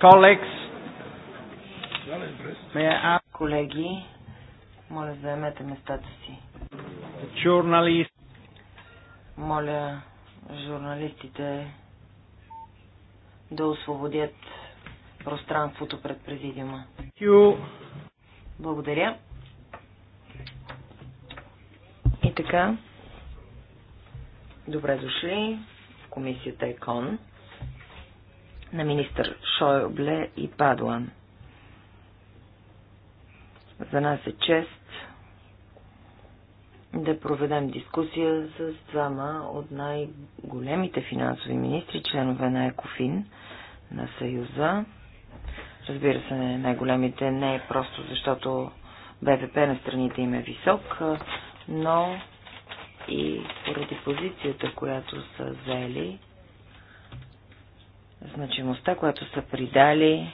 Колекс. Колеги, моля заемете местата си. Журналист. Моля журналистите да освободят пространството пред президиума. Благодаря. така, добре дошли в комисията ЕКОН на министър Шойбле и Падуан. За нас е чест да проведем дискусия с двама от най-големите финансови министри, членове на ЕКОФИН, на Съюза. Разбира се, най-големите не е просто защото БВП на страните им е висок, но и поради позицията, която са взели, значимостта, която са придали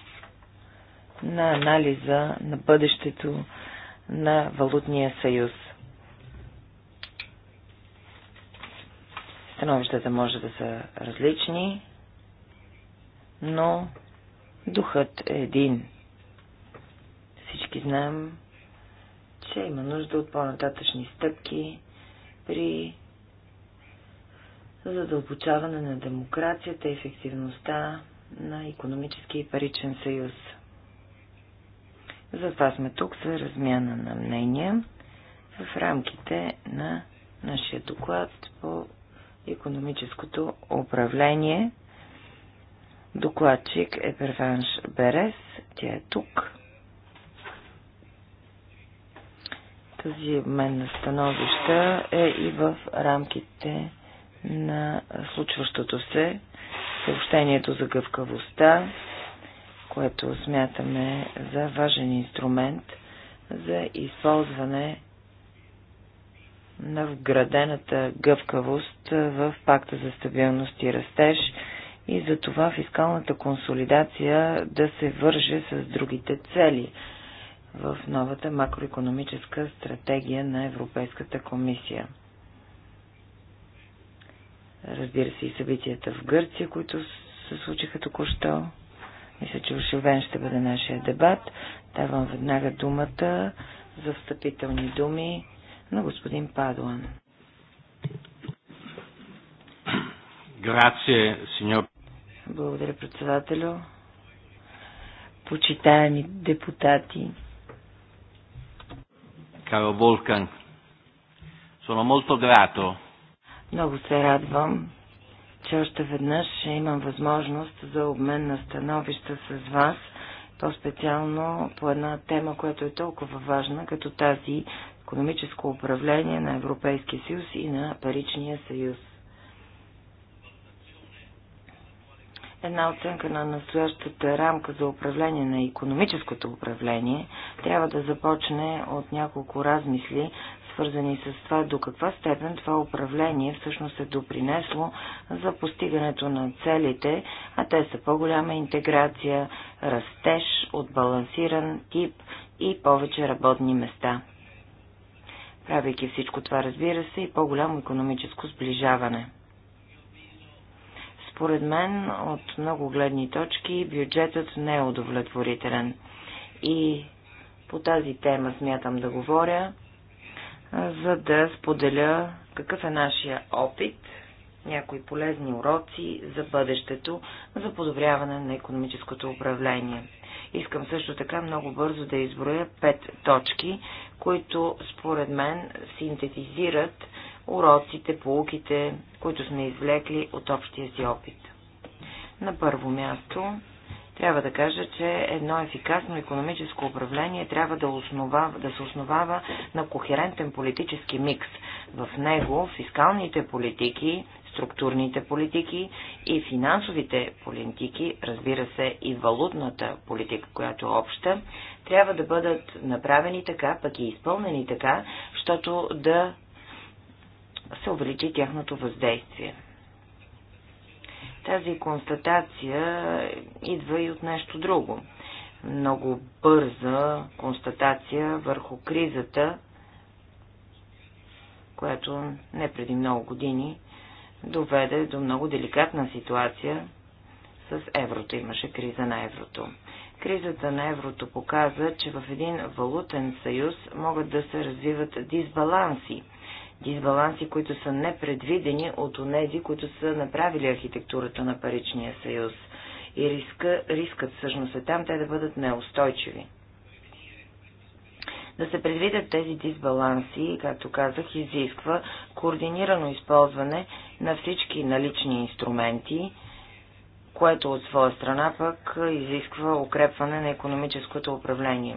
на анализа на бъдещето на Валутния съюз. Становищата може да са различни, но духът е един. Всички знаем, че има нужда от по-нататъчни стъпки при задълбочаване на демокрацията и ефективността на економически и паричен съюз. Затова сме тук за размяна на мнения в рамките на нашия доклад по економическото управление. Докладчик е Перванш Берес, тя е тук. Тази обмен на становища е и в рамките на случващото се съобщението за гъвкавостта, което смятаме за важен инструмент за използване на вградената гъвкавост в пакта за стабилност и растеж и за това фискалната консолидация да се върже с другите цели в новата макроекономическа стратегия на Европейската комисия. Разбира се и събитията в Гърция, които се случиха току-що. Мисля, че оживен ще бъде нашия дебат. Давам веднага думата за встъпителни думи на господин Падуан. Грация, сеньор. Благодаря, председателю. Почитаеми депутати, caro Volkan. Sono molto grato. Много се радвам, че още веднъж имам възможност за обмен на становища с вас, по-специално по една тема, която е толкова важна, като тази економическо управление на Европейския съюз и на Паричния съюз. една оценка на настоящата рамка за управление на економическото управление трябва да започне от няколко размисли, свързани с това до каква степен това управление всъщност е допринесло за постигането на целите, а те са по-голяма интеграция, растеж от балансиран тип и повече работни места. Правейки всичко това, разбира се, и по-голямо економическо сближаване. Според мен, от много гледни точки, бюджетът не е удовлетворителен. И по тази тема смятам да говоря, за да споделя какъв е нашия опит, някои полезни уроци за бъдещето, за подобряване на економическото управление. Искам също така много бързо да изброя пет точки, които според мен синтетизират уроците, полуките, които сме извлекли от общия си опит. На първо място трябва да кажа, че едно ефикасно економическо управление трябва да, основава, да се основава на кохерентен политически микс. В него фискалните политики, структурните политики и финансовите политики, разбира се и валутната политика, която е обща, трябва да бъдат направени така, пък и изпълнени така, защото да се увеличи тяхното въздействие. Тази констатация идва и от нещо друго. Много бърза констатация върху кризата, която не преди много години доведе до много деликатна ситуация с еврото. Имаше криза на еврото. Кризата на еврото показа, че в един валутен съюз могат да се развиват дисбаланси – дисбаланси, които са непредвидени от онези, които са направили архитектурата на паричния съюз. И риска, рискът всъщност е там те да бъдат неустойчиви. Да се предвидят тези дисбаланси, както казах, изисква координирано използване на всички налични инструменти, което от своя страна пък изисква укрепване на економическото управление.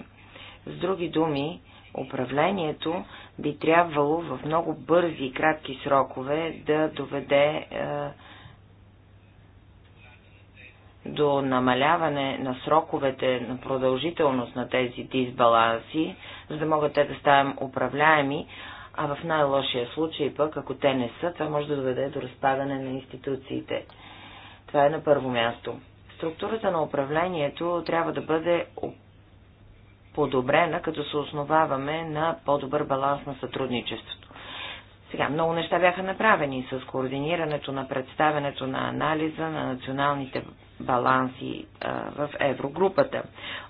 С други думи, управлението би трябвало в много бързи и кратки срокове да доведе е, до намаляване на сроковете на продължителност на тези дисбаланси, за да могат те да стават управляеми, а в най-лошия случай пък, ако те не са, това може да доведе до разпадане на институциите. Това е на първо място. Структурата на управлението трябва да бъде подобрена, като се основаваме на по-добър баланс на сътрудничеството. Сега, много неща бяха направени с координирането на представенето на анализа на националните баланси в еврогрупата.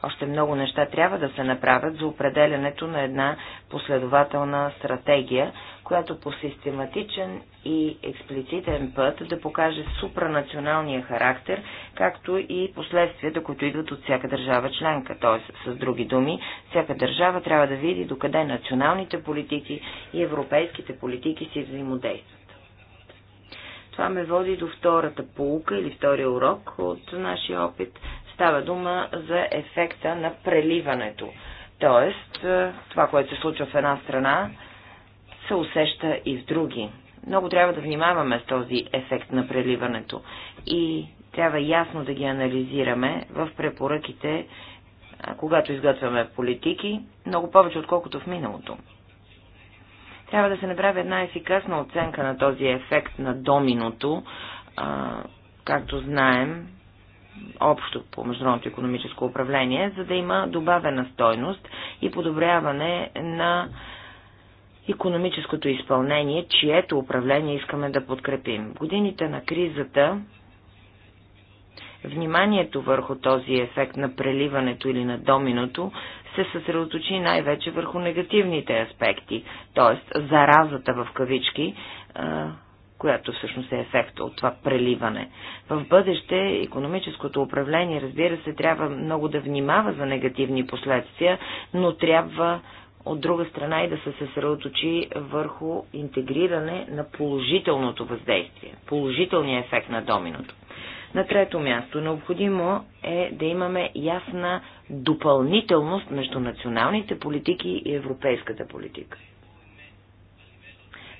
Още много неща трябва да се направят за определянето на една последователна стратегия, която по систематичен и експлицитен път да покаже супранационалния характер, както и последствията, които идват от всяка държава членка. Т.е. с други думи, всяка държава трябва да види докъде националните политики и европейските политики си взаимодействат. Това ме води до втората полука или втория урок от нашия опит. Става дума за ефекта на преливането. Тоест, е, това, което се случва в една страна, се усеща и в други. Много трябва да внимаваме с този ефект на преливането и трябва ясно да ги анализираме в препоръките, когато изготвяме политики, много повече отколкото в миналото. Трябва да се направи една ефикасна оценка на този ефект на доминото. както знаем, общо по международното економическо управление, за да има добавена стойност и подобряване на економическото изпълнение, чието управление искаме да подкрепим. Годините на кризата вниманието върху този ефект на преливането или на доминото се съсредоточи най-вече върху негативните аспекти, т.е. заразата в кавички, която всъщност е ефект от това преливане. В бъдеще економическото управление, разбира се, трябва много да внимава за негативни последствия, но трябва от друга страна и да се съсредоточи върху интегриране на положителното въздействие, положителния ефект на доминото. На трето място, необходимо е да имаме ясна допълнителност между националните политики и европейската политика.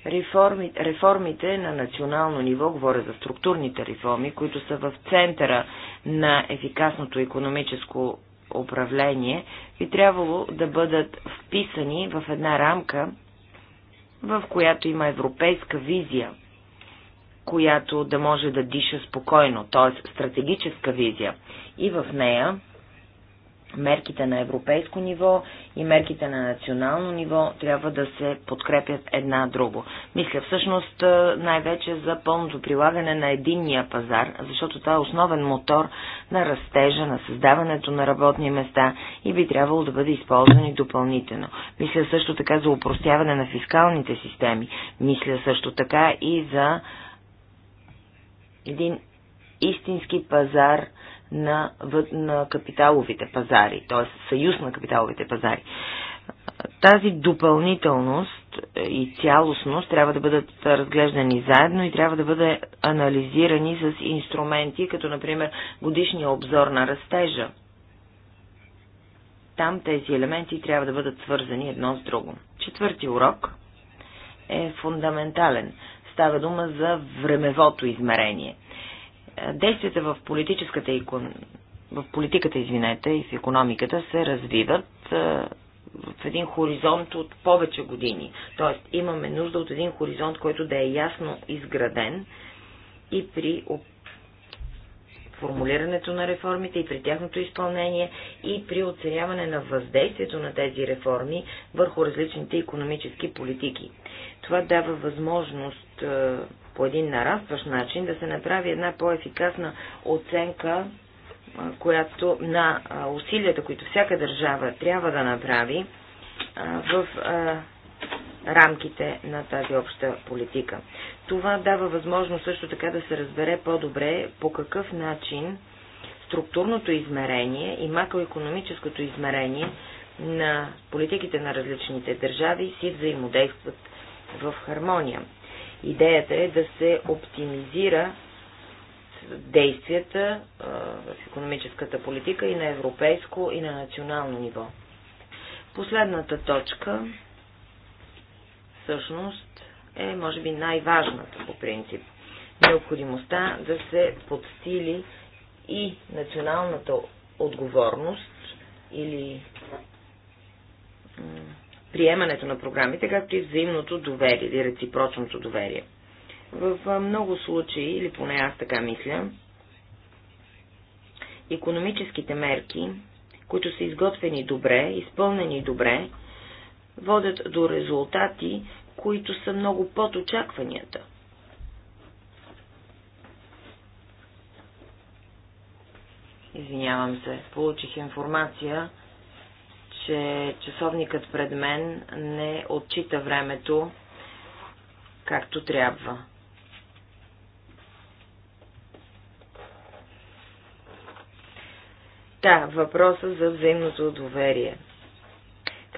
Реформи, реформите на национално ниво, говоря за структурните реформи, които са в центъра на ефикасното економическо управление, би трябвало да бъдат вписани в една рамка, в която има европейска визия – която да може да диша спокойно, т.е. стратегическа визия. И в нея мерките на европейско ниво и мерките на национално ниво трябва да се подкрепят една друго. Мисля всъщност най-вече за пълното прилагане на единния пазар, защото това е основен мотор на растежа, на създаването на работни места и би трябвало да бъде използван и допълнително. Мисля също така за упростяване на фискалните системи. Мисля също така и за един истински пазар на, на капиталовите пазари, т.е. съюз на капиталовите пазари. Тази допълнителност и цялостност трябва да бъдат разглеждани заедно и трябва да бъде анализирани с инструменти, като например годишния обзор на растежа. Там тези елементи трябва да бъдат свързани едно с друго. Четвърти урок е фундаментален. Става дума за времевото измерение. Е, действията в политическата икон... в политиката, извинете, и в економиката се развиват е, в един хоризонт от повече години. Тоест имаме нужда от един хоризонт, който да е ясно изграден и при формулирането на реформите и при тяхното изпълнение и при оценяване на въздействието на тези реформи върху различните економически политики. Това дава възможност е, по един нарастващ начин да се направи една по-ефикасна оценка е, която, на е, усилията, които всяка държава трябва да направи в рамките на тази обща политика. Това дава възможност също така да се разбере по-добре по какъв начин структурното измерение и макроекономическото измерение на политиките на различните държави си взаимодействат в хармония. Идеята е да се оптимизира действията в економическата политика и на европейско, и на национално ниво. Последната точка всъщност е, може би, най-важната по принцип. Необходимостта да се подсили и националната отговорност или приемането на програмите, както и взаимното доверие или реципрочното доверие. В много случаи, или поне аз така мисля, економическите мерки, които са изготвени добре, изпълнени добре, водят до резултати, които са много под очакванията. Извинявам се, получих информация че часовникът пред мен не отчита времето както трябва. Та, въпроса за взаимното доверие.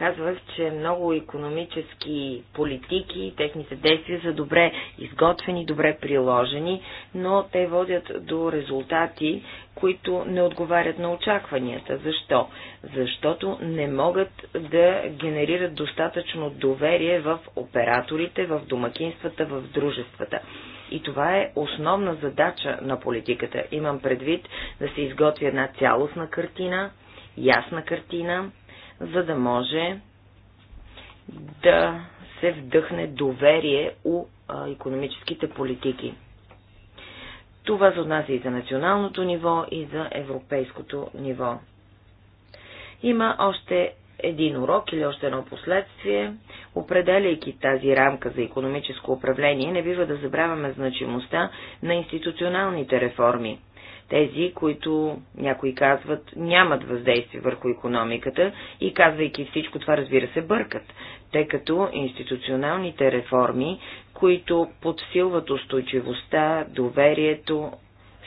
Казвах, че много економически политики и техните действия са добре изготвени, добре приложени, но те водят до резултати, които не отговарят на очакванията. Защо? Защото не могат да генерират достатъчно доверие в операторите, в домакинствата, в дружествата. И това е основна задача на политиката. Имам предвид да се изготви една цялостна картина, ясна картина, за да може да се вдъхне доверие у економическите политики. Това се отнася и за националното ниво, и за европейското ниво. Има още един урок или още едно последствие. Определяйки тази рамка за економическо управление, не бива да забравяме значимостта на институционалните реформи. Тези, които някои казват нямат въздействие върху економиката и казвайки всичко това, разбира се, бъркат, тъй като институционалните реформи, които подсилват устойчивостта, доверието,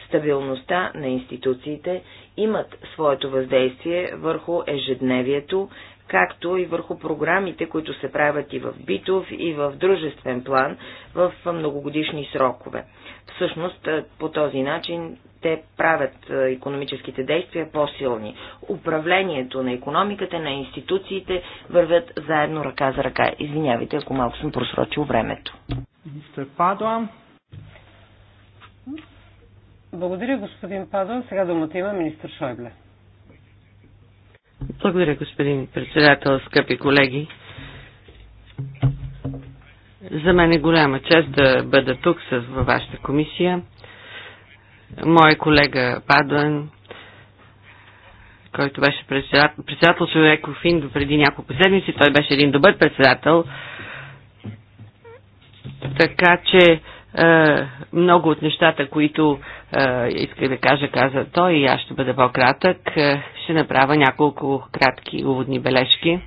стабилността на институциите, имат своето въздействие върху ежедневието, както и върху програмите, които се правят и в битов, и в дружествен план в многогодишни срокове. Всъщност, е, по този начин те правят економическите действия по-силни. Управлението на економиката, на институциите вървят заедно ръка за ръка. Извинявайте, ако малко съм просрочил времето. Министър Падуан. Благодаря, господин Падуан. Сега думата има министър Шойбле. Благодаря, господин председател, скъпи колеги. За мен е голяма чест да бъда тук с, във вашата комисия. Мой колега Падуан, който беше председател, председател Екофин до преди няколко седмици, той беше един добър председател. Така че е, много от нещата, които е, иска да кажа, каза той и аз ще бъда по-кратък. Е, ще направя няколко кратки уводни бележки.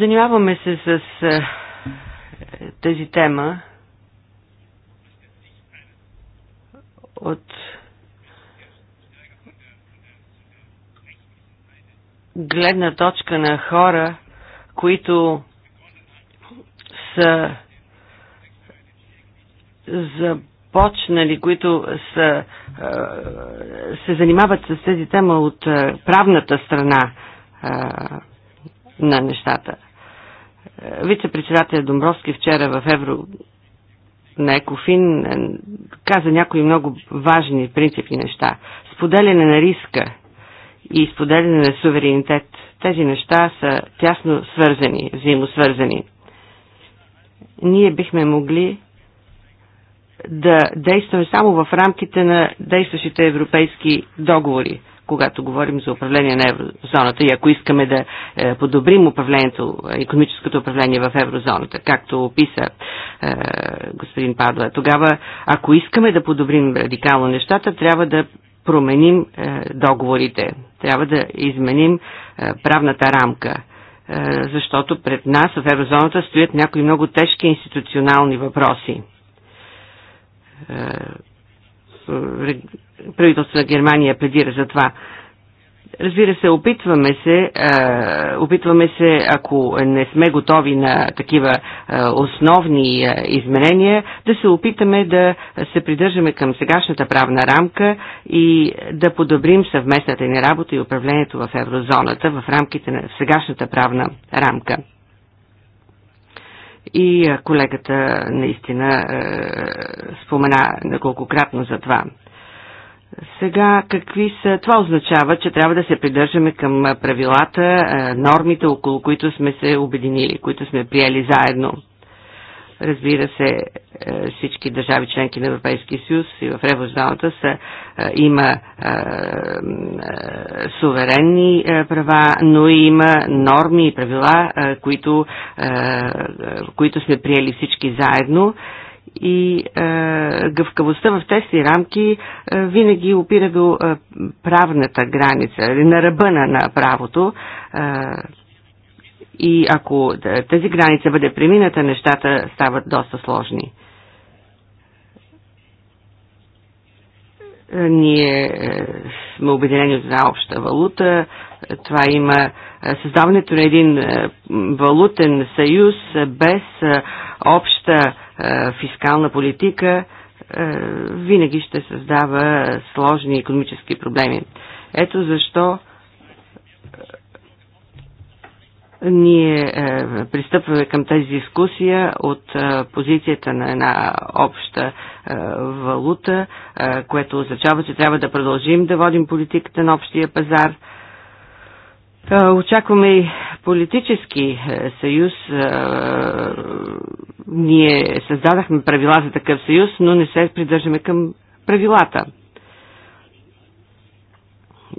Занимаваме се с е, тази тема от гледна точка на хора, които са започнали, които са, се занимават с тези тема от правната страна на нещата. Вице-председателя Домбровски вчера в Евро на Екофин е, каза някои много важни принципни неща. Споделяне на риска и споделяне на суверенитет. Тези неща са тясно свързани, взаимосвързани. Ние бихме могли да действаме само в рамките на действащите европейски договори когато говорим за управление на еврозоната и ако искаме да е, подобрим управлението, економическото управление в еврозоната, както описа е, господин Падла. Тогава, ако искаме да подобрим радикално нещата, трябва да променим е, договорите, трябва да изменим правната рамка защото пред нас в еврозоната стоят някои много тежки институционални въпроси е, правителството на Германия пледира за това. Разбира се, опитваме се, е, опитваме се, ако не сме готови на такива е, основни изменения, да се опитаме да се придържаме към сегашната правна рамка и да подобрим съвместната ни работа и управлението в еврозоната в рамките на сегашната правна рамка и колегата наистина е, спомена неколкократно за това. Сега, какви са... Това означава, че трябва да се придържаме към правилата, нормите, около които сме се обединили, които сме приели заедно. Разбира се, е, всички държави членки на Европейския съюз и в еврозоната са, е, има е, суверенни права, но и има норми и правила, които, които сме приели всички заедно и е, гъвкавостта в тези рамки е, винаги опира до е, правната граница, на ръба на, на правото. Е, и ако тази граница бъде премината, нещата стават доста сложни. Ние е, сме обединени от една обща валута. Това има е, създаването на един е, валутен съюз без обща фискална политика винаги ще създава сложни економически проблеми. Ето защо Ние е, пристъпваме към тази дискусия от е, позицията на една обща е, валута, е, което означава, че трябва да продължим да водим политиката на общия пазар. Е, очакваме и политически е, съюз. Е, ние създадахме правила за такъв съюз, но не се придържаме към правилата.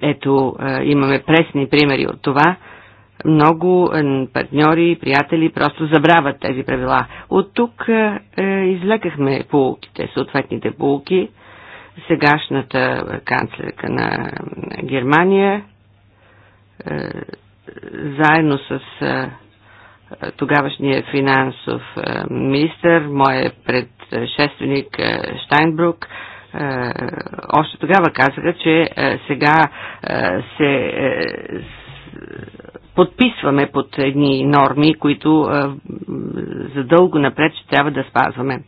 Ето, е, имаме пресни примери от това много е, партньори, и приятели просто забравят тези правила. От тук е, е излекахме полуките, съответните полуки. Сегашната е, канцлерка на Германия е, заедно с е, тогавашния финансов е, министр, моят предшественик е, Штайнбрук, още тогава казаха, че сега се подписваме под едни норми, които за дълго напред ще трябва да спазваме.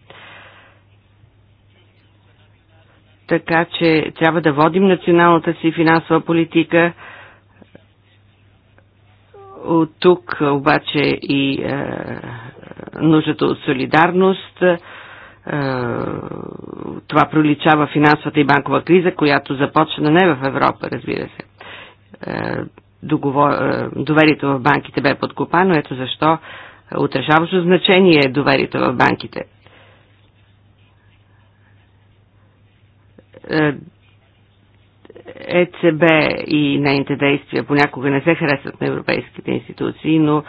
Така че трябва да водим националната си финансова политика. От тук обаче и а, нуждата от солидарност. А, това проличава финансовата и банкова криза, която започна не в Европа, разбира се договор... Е, доверието в банките бе подкопано. Ето защо е, отрешаващо значение е доверието в банките. ЕЦБ е и нейните действия понякога не се харесват на европейските институции, но е,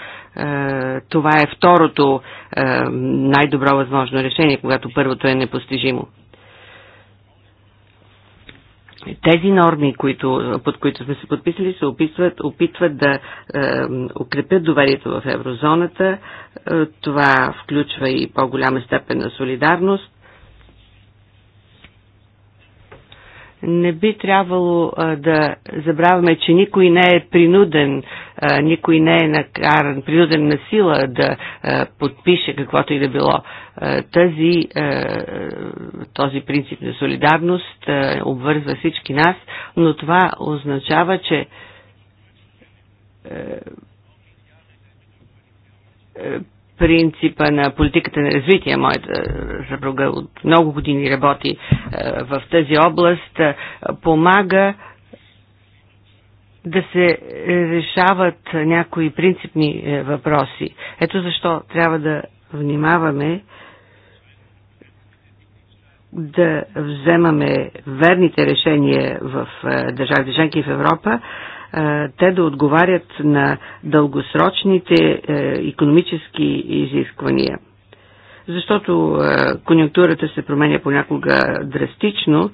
това е второто е, най-добро възможно решение, когато първото е непостижимо тези норми, които, под които сме се подписали, се опитват, опитват да е, укрепят доверието в еврозоната. Е, това включва и по-голяма степен на солидарност Не би трябвало да забравяме, че никой не е принуден, никой не е накаран, принуден на сила да подпише каквото и да било. Тази, този принцип на солидарност обвързва всички нас, но това означава, че принципа на политиката на развитие. Моята е, съпруга от много години работи е, в тази област, е, помага да се решават някои принципни въпроси. Ето защо трябва да внимаваме да вземаме верните решения в държавите членки в Европа, те да отговарят на дългосрочните економически изисквания. Защото е, конъюнктурата се променя понякога драстично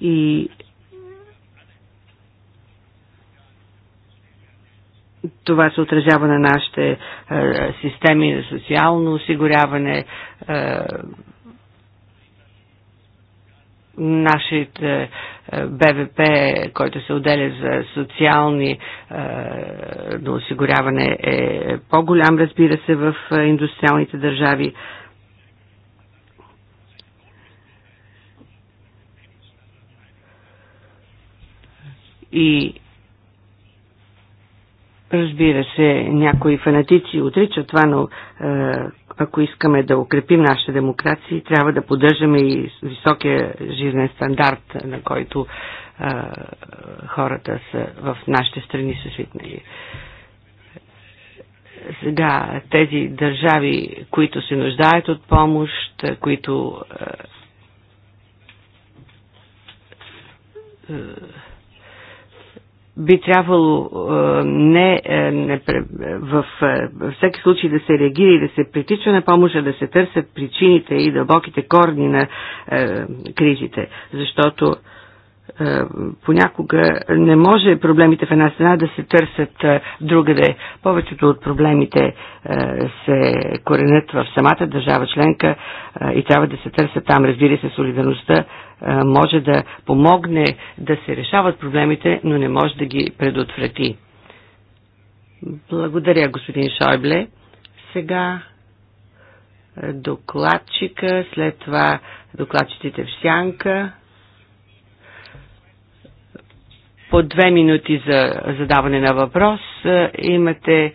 и това се отразява на нашите е, системи на социално осигуряване, е, нашите е, БВП, който се отделя за социални е, на осигуряване е по-голям, разбира се, в индустриалните държави. И Разбира се, някои фанатици отричат това, но е, ако искаме да укрепим нашите демокрации, трябва да поддържаме и високия жизнен стандарт, на който е, хората са в нашите страни са свикнали. Сега тези държави, които се нуждаят от помощ, които е, е, би трябвало е, не, е, не е, в всеки случай да се реагира и да се притича на помощ, а да се търсят причините и дълбоките корни на а, кризите, защото а, понякога не може проблемите в една страна да се търсят а, другаде. Повечето от проблемите се коренят в самата държава членка и трябва да се търсят там. Разбира се, солидарността може да помогне да се решават проблемите, но не може да ги предотврати. Благодаря, господин Шойбле. Сега докладчика, след това докладчиците в сянка. По две минути за задаване на въпрос имате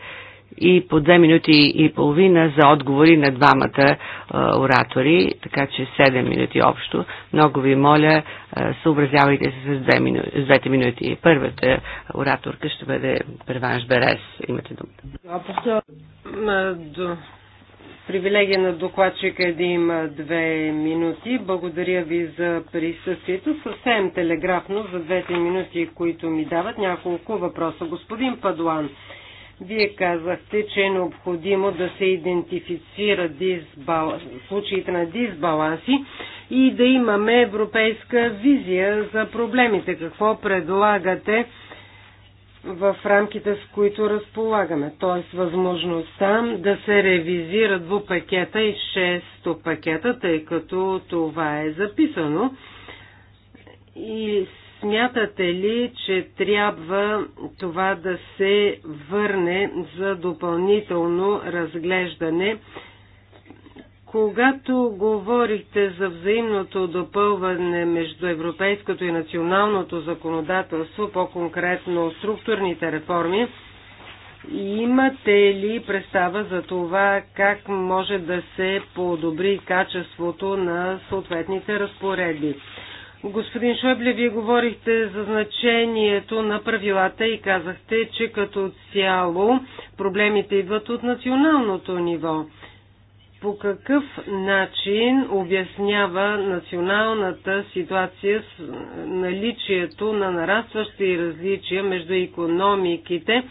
и по две минути и половина за отговори на двамата е, оратори, така че 7 минути общо. Много ви моля, е, съобразявайте се с, две мину... с двете минути. Първата ораторка ще бъде Преванш Берес. Имате думата. Е, привилегия на докладчика е да има две минути. Благодаря ви за присъствието. Съвсем телеграфно за двете минути, които ми дават няколко въпроса. Господин Падуан, вие казахте, че е необходимо да се идентифицира дисбал... случаите на дисбаланси и да имаме европейска визия за проблемите. Какво предлагате в рамките, с които разполагаме? Т.е. възможността да се ревизира двупакета и шесто пакета, тъй като това е записано. И Смятате ли, че трябва това да се върне за допълнително разглеждане? Когато говорихте за взаимното допълване между европейското и националното законодателство, по-конкретно структурните реформи, имате ли представа за това как може да се подобри качеството на съответните разпоредби? Господин Шойбле, вие говорихте за значението на правилата и казахте, че като цяло проблемите идват от националното ниво. По какъв начин обяснява националната ситуация с наличието на нарастващи различия между економиките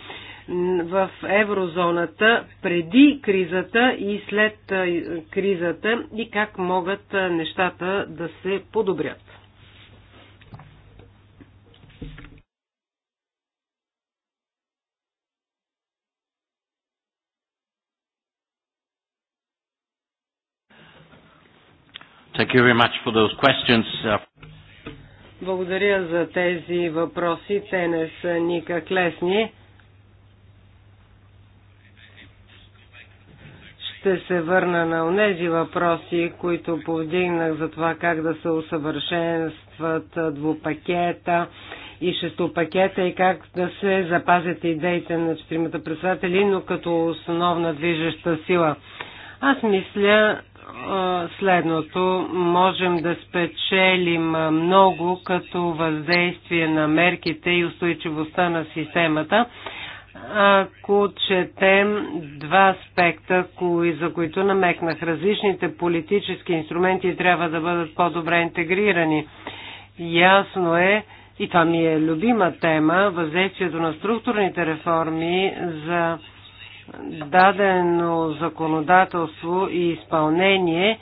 в еврозоната преди кризата и след кризата и как могат нещата да се подобрят? Thank you very much for those questions. Благодаря за тези въпроси. Те не са никак лесни. Ще се върна на тези въпроси, които повдигнах за това как да се усъвършенстват двупакета и шестопакета и как да се запазят идеите на четиримата председатели, но като основна движеща сила. Аз мисля, следното. Можем да спечелим много като въздействие на мерките и устойчивостта на системата, ако четем два аспекта, кои, за които намекнах. Различните политически инструменти трябва да бъдат по-добре интегрирани. Ясно е, и това ми е любима тема, въздействието на структурните реформи за дадено законодателство и изпълнение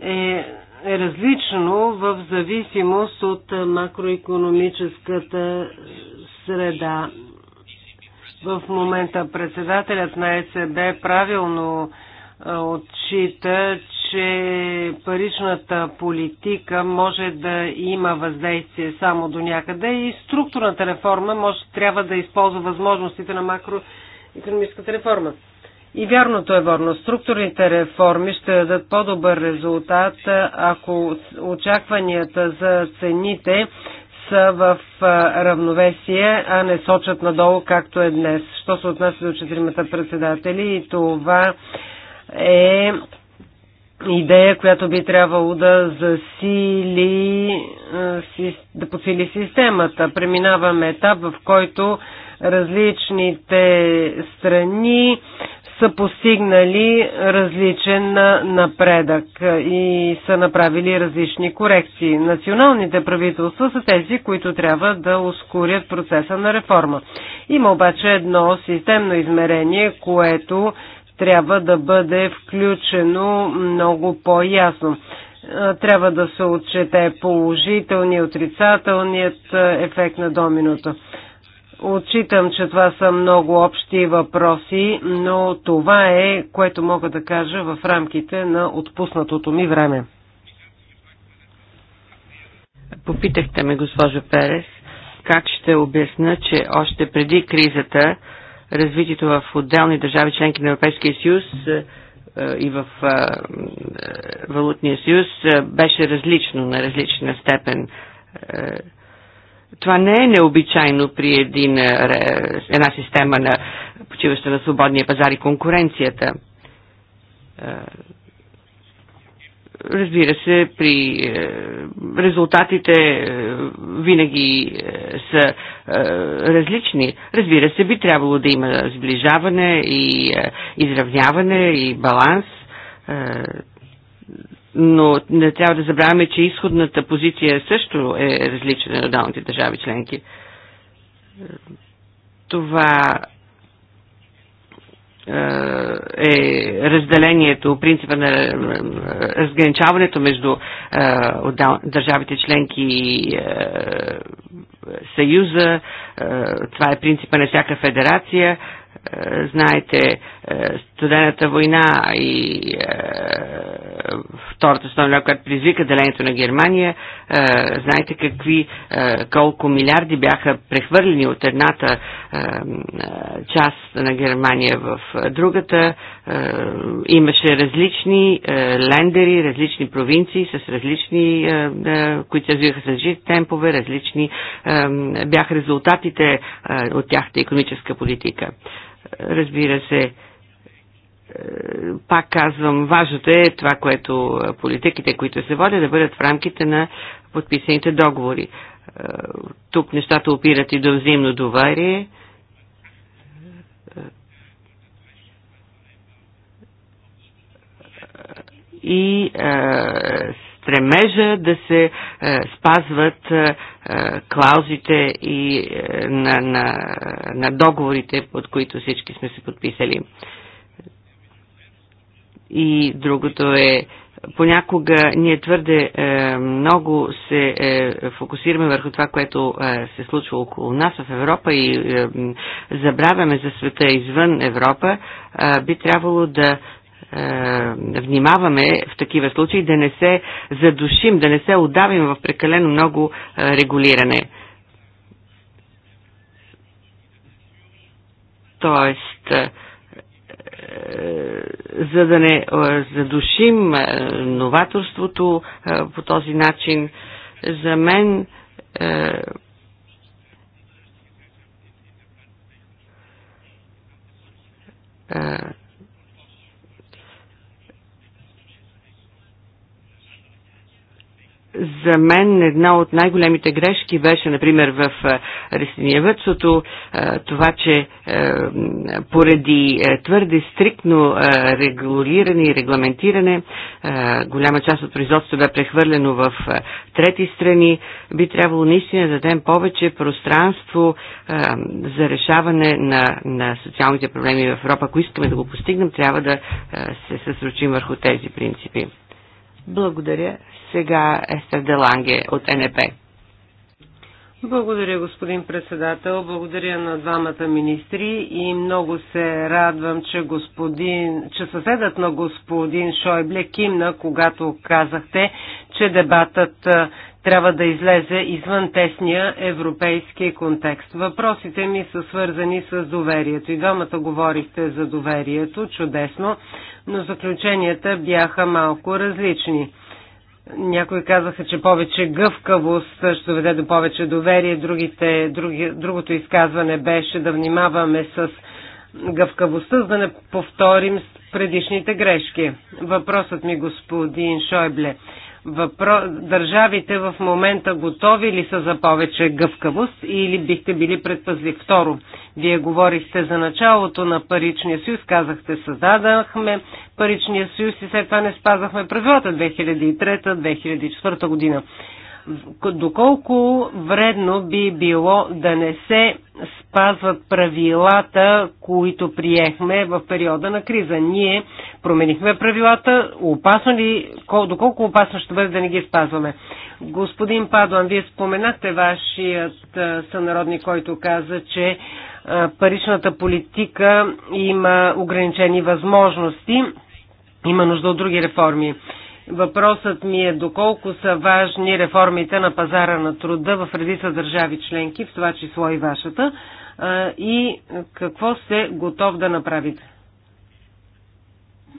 е, е различно в зависимост от макроекономическата среда. В момента председателят на ЕЦБ правилно отчита, че паричната политика може да има въздействие само до някъде и структурната реформа може, трябва да използва възможностите на макроекономическата економическата реформа. И вярното е върно. Структурните реформи ще дадат по-добър резултат, ако очакванията за цените са в равновесие, а не сочат надолу, както е днес. Що се отнася до четиримата председатели и това е идея, която би трябвало да засили, да подсили системата. Преминаваме етап, в който различните страни са постигнали различен напредък и са направили различни корекции. Националните правителства са тези, които трябва да ускорят процеса на реформа. Има обаче едно системно измерение, което трябва да бъде включено много по-ясно. Трябва да се отчете положителният, отрицателният ефект на доминото. Отчитам, че това са много общи въпроси, но това е, което мога да кажа в рамките на отпуснатото ми време. Попитахте ме, госпожо Перес, как ще обясна, че още преди кризата развитието в отделни държави, членки на Европейския съюз е, е, и в е, Валутния съюз беше различно на различна степен това не е необичайно при един, е, една система на почиваща на свободния пазар и конкуренцията. Е, разбира се, при е, резултатите винаги са различни. Разбира се, би трябвало да има сближаване и изравняване и баланс но не трябва да забравяме, че изходната позиция също е различна на отделните държави членки. Това е, е разделението, принципа на е, разграничаването между е, държавите членки и Съюза. Това е принципа на всяка федерация. Знаете, студената война и е, втората основна, която призвика делението на Германия, е, знаете какви, е, колко милиарди бяха прехвърлени от едната е, част на Германия в другата. Е, имаше различни е, лендери, различни провинции с различни, е, е, които се развиваха с различни темпове, различни е, бяха резултатите е, от тяхната економическа политика. Разбира се, пак казвам, важното е това, което политиките, които се водят, да бъдат в рамките на подписаните договори. Е, тук нещата опират и до взаимно доверие. Е, и е, стремежа да се е, спазват е, клаузите и е, на, на, на договорите, под които всички сме се подписали. И другото е понякога ние твърде е, много се е, фокусираме върху това, което е, се случва около нас в Европа и е, забравяме за света извън Европа, е, би трябвало да е, внимаваме в такива случаи, да не се задушим, да не се отдавим в прекалено много е, регулиране. Тоест, е, е, за да не е, задушим е, новаторството по този начин. За мен е, за мен една от най-големите грешки беше, например, в е, растениевътството, е, това, че е, поради твърде стриктно регулиране и регламентиране, голяма част от производството бе прехвърлено в трети страни, би трябвало наистина да дадем повече пространство за решаване на, на социалните проблеми в Европа. Ако искаме да го постигнем, трябва да се съсрочим върху тези принципи. Благодаря. Сега Естер Деланге от НП. Благодаря, господин председател. Благодаря на двамата министри и много се радвам, че, господин, че съседът на господин Шойбле кимна, когато казахте, че дебатът трябва да излезе извън тесния европейски контекст. Въпросите ми са свързани с доверието. И двамата говорихте за доверието, чудесно, но заключенията бяха малко различни. Някои казаха, че повече гъвкавост ще доведе до повече доверие. Другите, други, другото изказване беше да внимаваме с гъвкавостта, за да не повторим предишните грешки. Въпросът ми, господин Шойбле. Въпро... Държавите в момента готови ли са за повече гъвкавост или бихте били предпазли? Второ, вие говорихте за началото на паричния съюз, казахте създадахме паричния съюз и след това не спазахме правилата 2003-2004 година доколко вредно би било да не се спазват правилата, които приехме в периода на криза. Ние променихме правилата, опасно ли, доколко опасно ще бъде да не ги спазваме. Господин Падуан, вие споменахте вашият сънародник, който каза, че паричната политика има ограничени възможности, има нужда от други реформи. Въпросът ми е доколко са важни реформите на пазара на труда в редица държави членки, в това число и вашата, и какво сте готов да направите.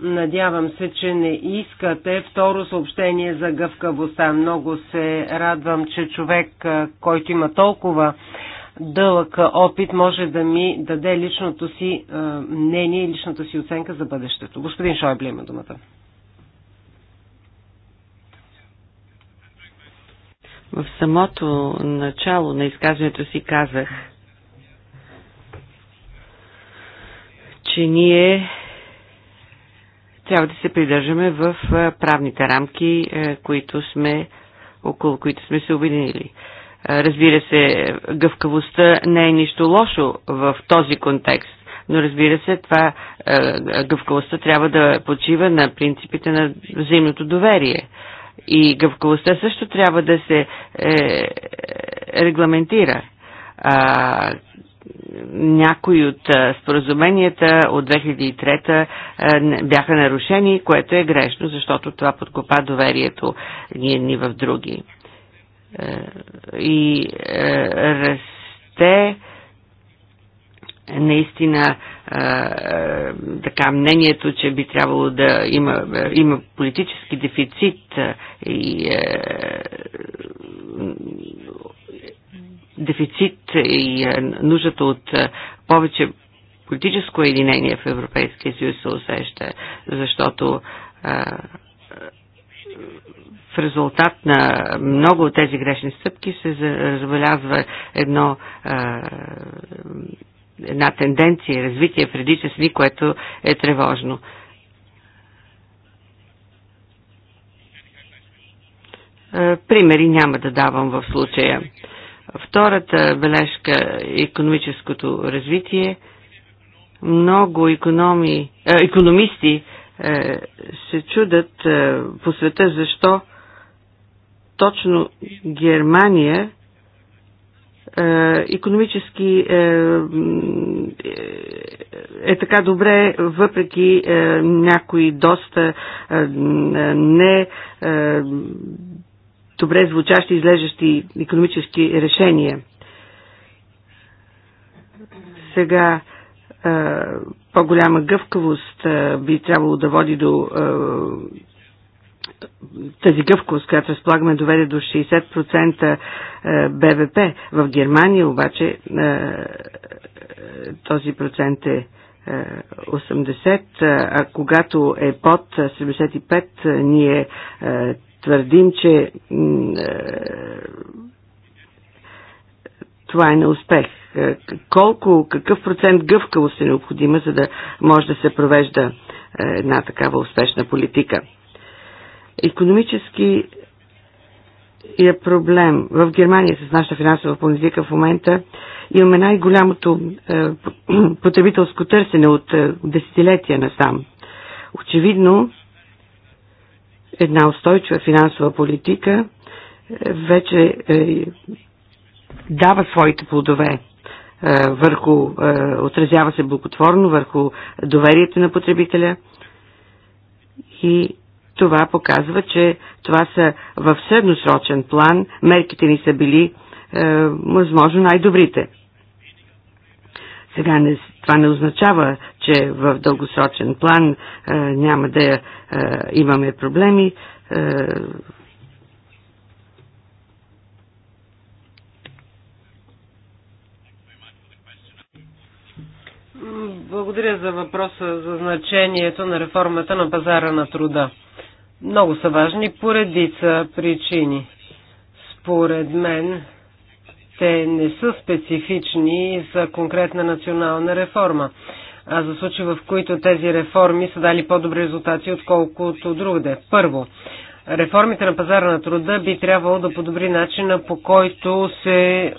Надявам се, че не искате второ съобщение за гъвкавостта. Много се радвам, че човек, който има толкова дълъг опит, може да ми даде личното си мнение и личната си оценка за бъдещето. Господин Шойбле има думата. В самото начало на изказването си казах, че ние трябва да се придържаме в правните рамки, които сме, около които сме се обединили. Разбира се, гъвкавостта не е нищо лошо в този контекст, но разбира се, това гъвкавостта трябва да почива на принципите на взаимното доверие и гъвкавостта също трябва да се е, регламентира. А, някои от споразуменията от 2003 бяха нарушени, което е грешно, защото това подкопа доверието ни, ни в други. И расте наистина така мнението, че би трябвало да има, има политически дефицит и дефицит и нуждата от повече политическо единение в Европейския съюз се усеща, защото в резултат на много от тези грешни стъпки се забелязва едно една тенденция, развитие в редица сни, което е тревожно. Е, примери няма да давам в случая. Втората бележка е – економическото развитие. Много економи, е, економисти е, се чудат е, по света защо точно Германия – е, економически е, е, е така добре, въпреки е, някои доста е, не е, добре звучащи, излежащи економически решения. Сега е, по-голяма гъвкавост е, би трябвало да води до е, тази гъвкост, която разполагаме, доведе до 60% е, БВП. В Германия обаче е, е, този процент е 80, а когато е под 75, ние твърдим, че това е неуспех. Колко, какъв процент гъвкавост е необходима, за да може да се провежда една такава успешна политика? економически е проблем в Германия с нашата финансова политика в момента имаме най-голямото е, потребителско търсене от е, десетилетия насам. Очевидно, една устойчива финансова политика е, вече е, дава своите плодове е, върху, е, отразява се благотворно върху доверието на потребителя и това показва, че това са в средносрочен план, мерките ни са били е, възможно най-добрите. Сега не, това не означава, че в дългосрочен план е, няма да е, имаме проблеми. Е, Благодаря за въпроса за значението на реформата на пазара на труда много са важни по редица причини. Според мен те не са специфични за конкретна национална реформа, а за случаи, в които тези реформи са дали по-добри резултати, отколкото другаде. Първо, реформите на пазара на труда би трябвало да подобри начина по който се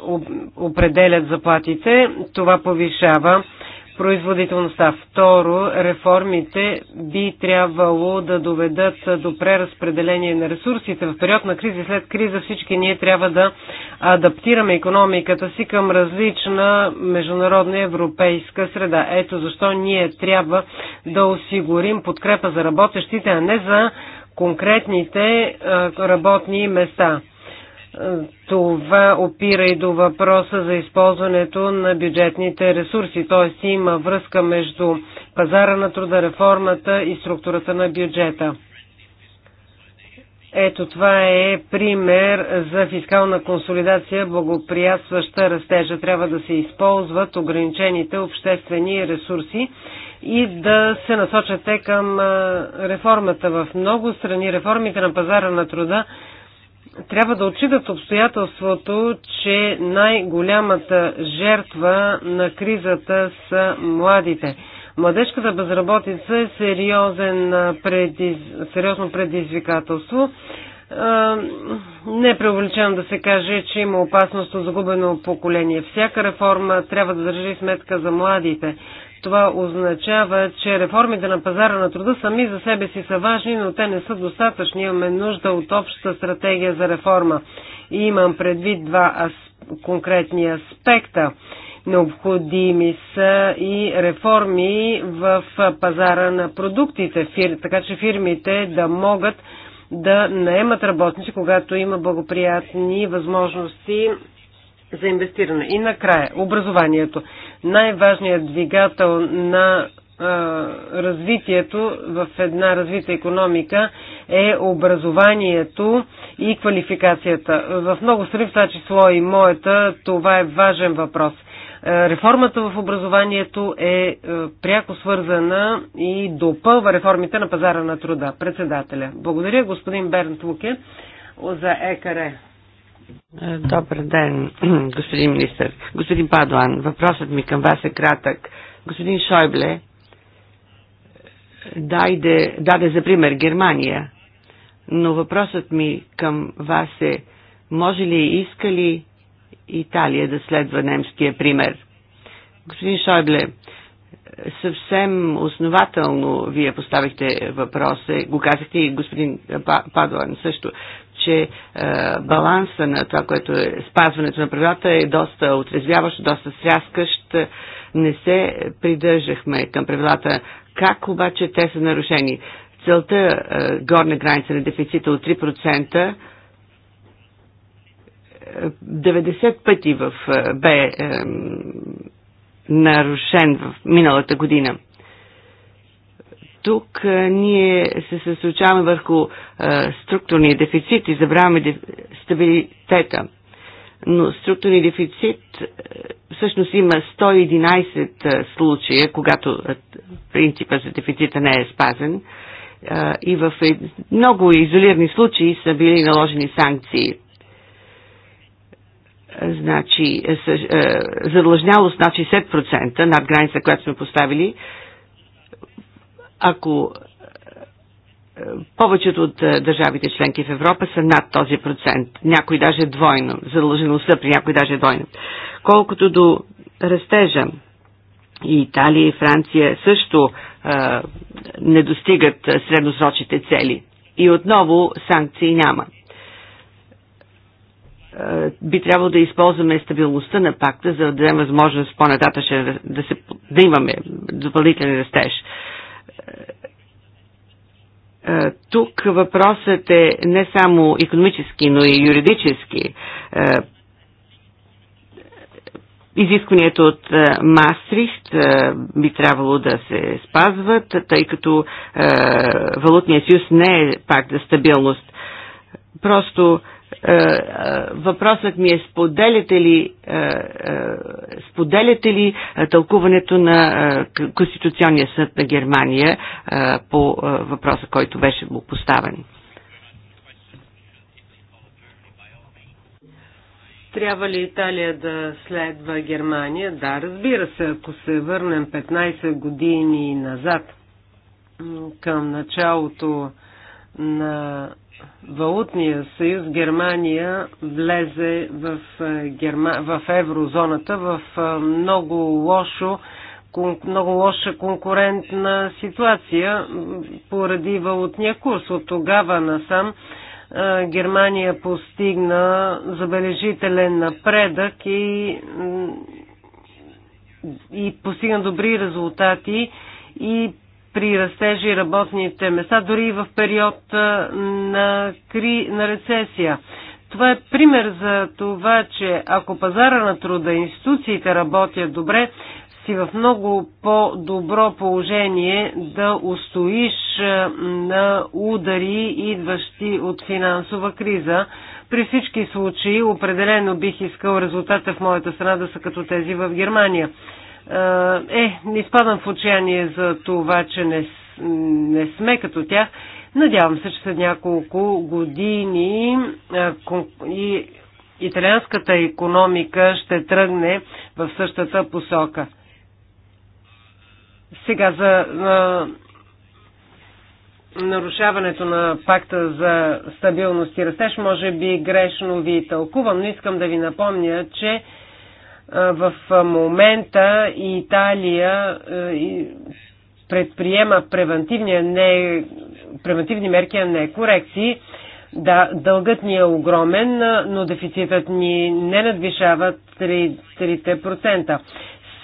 определят заплатите. Това повишава производителността. Второ, реформите би трябвало да доведат до преразпределение на ресурсите. В период на криза и след криза всички ние трябва да адаптираме економиката си към различна международна европейска среда. Ето защо ние трябва да осигурим подкрепа за работещите, а не за конкретните работни места. Това опира и до въпроса за използването на бюджетните ресурси, т.е. има връзка между пазара на труда, реформата и структурата на бюджета. Ето това е пример за фискална консолидация, благоприятстваща растежа. Трябва да се използват ограничените обществени ресурси и да се насочат те към реформата. В много страни реформите на пазара на труда трябва да отчитат обстоятелството, че най-голямата жертва на кризата са младите. Младежката безработица е сериозен предиз... сериозно предизвикателство. Не е преувеличено да се каже, че има опасност от загубено поколение. Всяка реформа трябва да държи сметка за младите. Това означава, че реформите на пазара на труда сами за себе си са важни, но те не са достатъчни. Имаме нужда от обща стратегия за реформа. И имам предвид два конкретни аспекта. Необходими са и реформи в пазара на продуктите, така че фирмите да могат да наемат работници, когато има благоприятни възможности за инвестиране. И накрая, образованието най-важният двигател на развитието в една развита економика е образованието и квалификацията. В много среди, в това число и моята, това е важен въпрос. Реформата в образованието е пряко свързана и допълва реформите на пазара на труда. Председателя. Благодаря господин Бернт Луке за ЕКРЕ. Е, добър ден, господин министр. Господин Падуан, въпросът ми към вас е кратък. Господин Шойбле е, дайде, даде за пример Германия, но въпросът ми към вас е може ли и иска ли Италия да следва немския пример? Господин Шойбле, е, съвсем основателно вие поставихте въпроса, го казахте и господин Падуан също че е, баланса на това, което е спазването на правилата е доста отрезвяващ, доста сряскащ. Не се придържахме към правилата. Как обаче те са нарушени? Целта е, горна граница на дефицита от 3% 90 е, пъти в, е, бе е, нарушен в миналата година. Тук ние се съсочаваме върху структурния дефицит и забравяме стабилитета. Но структурни дефицит всъщност има 111 случая, когато принципа за дефицита не е спазен и в е, много изолирани случаи са били наложени санкции. Значи, е, е, задлъжнялост на 60%, над граница, която сме поставили, ако е, повечето от е, държавите членки в Европа са над този процент, някой даже двойно, задължеността при някой даже е двойно. Колкото до растежа, и Италия и Франция също а, не достигат средносрочните цели. И отново санкции няма. А, би трябвало да използваме стабилността на пакта, за да дадем възможност по-нататъчен да, се, да имаме допълнителен растеж. Е, е, тук въпросът е не само економически, но и юридически. Е, изискванията от Мастрихт би трябвало да се спазват, тъй като валутният съюз не е пак за стабилност. Просто е, е, въпросът ми е споделяте ли, е, споделяте ли тълкуването на Конституционния съд на Германия по въпроса, който беше му поставен? Трябва ли Италия да следва Германия? Да, разбира се, ако се върнем 15 години назад към началото на валутния съюз Германия влезе в, е, Герма... в еврозоната в е, много лошо много лоша конкурентна ситуация поради валутния курс. От тогава насам е, Германия постигна забележителен напредък и, и постигна добри резултати и при растежи работните места, дори и в период на, кри, на рецесия. Това е пример за това, че ако пазара на труда, институциите работят добре, си в много по-добро положение да устоиш на удари, идващи от финансова криза. При всички случаи определено бих искал резултата в моята страна да са като тези в Германия е, не изпадам в отчаяние за това, че не, не сме като тях. Надявам се, че след няколко години и италианската економика ще тръгне в същата посока. Сега за на, нарушаването на пакта за стабилност и растеж, може би грешно ви тълкувам, но искам да ви напомня, че в момента Италия предприема превентивни, не, превентивни мерки, а не корекции. Да, дългът ни е огромен, но дефицитът ни не надвишава 3, 3%.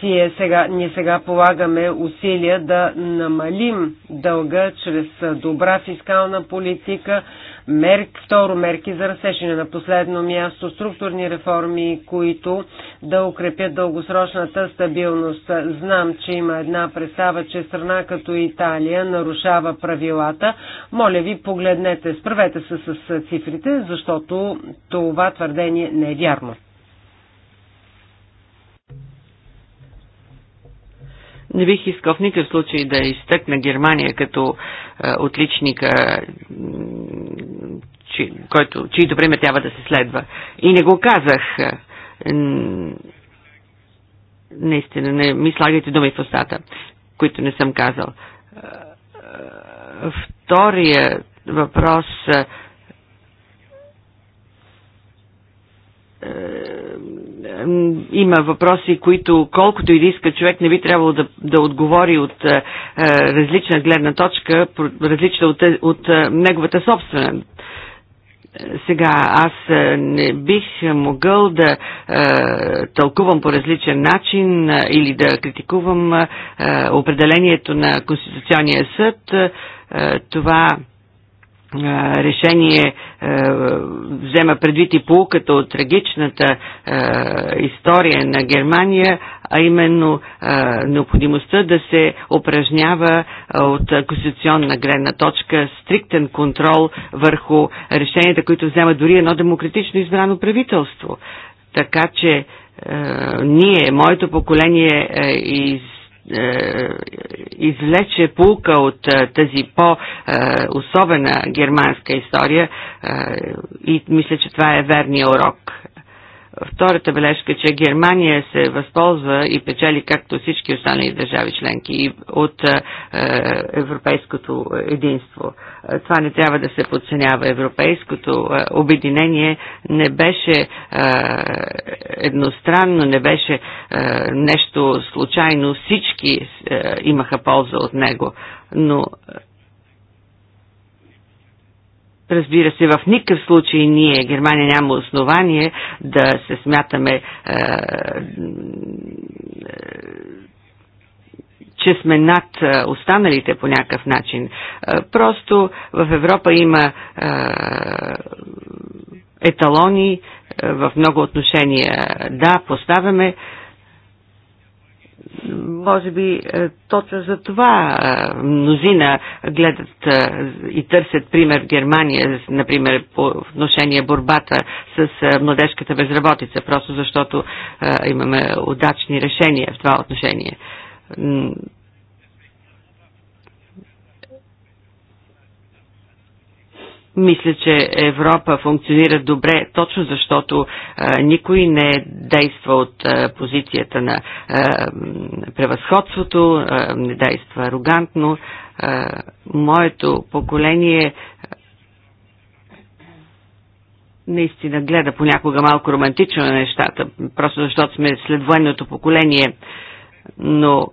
Сие сега, ние сега полагаме усилия да намалим дълга чрез добра фискална политика, мерки, второ мерки за разсечане на последно място, структурни реформи, които да укрепят дългосрочната стабилност. Знам, че има една представа, че страна като Италия нарушава правилата. Моля ви, погледнете, справете се с цифрите, защото това твърдение не е вярно. Не бих искал в никакъв случай да изтъкна Германия като отличника, който, чието време трябва да се следва. И не го казах. Наистина, не ми слагайте думи в устата, които не съм казал. Втория въпрос има въпроси, които колкото и да иска човек не би трябвало да, да отговори от е, е различна гледна точка, различна от, е, от е, неговата собствена. Е, сега аз не бих могъл да е, тълкувам по различен начин е, или да критикувам е, определението на Конституционния съд. Е, това е, решение взема предвид и полуката от трагичната история на Германия, а именно необходимостта да се упражнява от конституционна гледна точка стриктен контрол върху решенията, които взема дори едно демократично избрано правителство. Така че ние, моето поколение, из е, извлече пулка от е, тази по-особена е, германска история и мисля, че това е верния урок. Втората бележка, че Германия се възползва и печели, както всички останали държави членки, от е, е, европейското единство. Това не трябва да се подценява. Европейското е, обединение не беше едностранно, не беше нещо случайно. Всички имаха полза от него. Но Разбира се, в никакъв случай ние, Германия, няма основание да се смятаме, е, е че сме над е, останалите по някакъв начин. Е, просто в Европа има е, еталони в много отношения. Да, поставяме може би е, точно за това е, мнозина гледат е, и търсят пример в Германия, например по отношение борбата с младежката безработица, просто защото имаме удачни решения в това отношение Мисля, че Европа функционира добре, точно защото а, никой не действа от а, позицията на а, превъзходството, а, не действа арогантно. А, моето поколение наистина гледа понякога малко романтично на нещата, просто защото сме след военното поколение, но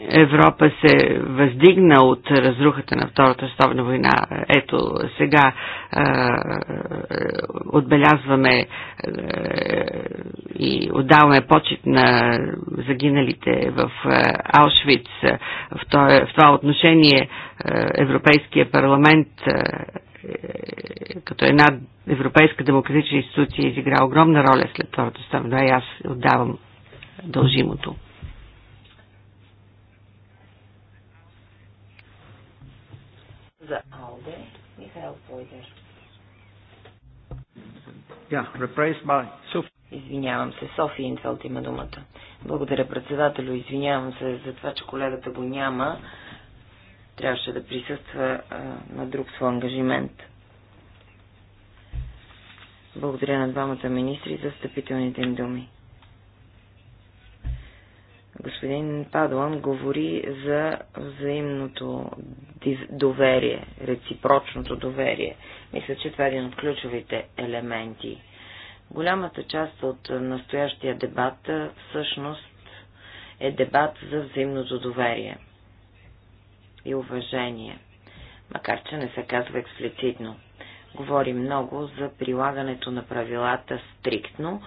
Европа се въздигна от разрухата на Втората световна война. Ето сега е, отбелязваме е, и отдаваме почет на загиналите в е, Аушвиц. В, то, в това отношение е, Европейския парламент е, е, като една европейска демократична институция изигра огромна роля след Втората световна война и аз отдавам дължимото. Извинявам се, Софи Инфелд има думата. Благодаря председателю, извинявам се за това, че колегата го няма. Трябваше да присъства а, на друг свой ангажимент. Благодаря на двамата министри за встъпителните им думи господин Падуан говори за взаимното доверие, реципрочното доверие. Мисля, че това е един от ключовите елементи. Голямата част от настоящия дебат всъщност е дебат за взаимното доверие и уважение, макар че не се казва експлицитно. Говори много за прилагането на правилата стриктно,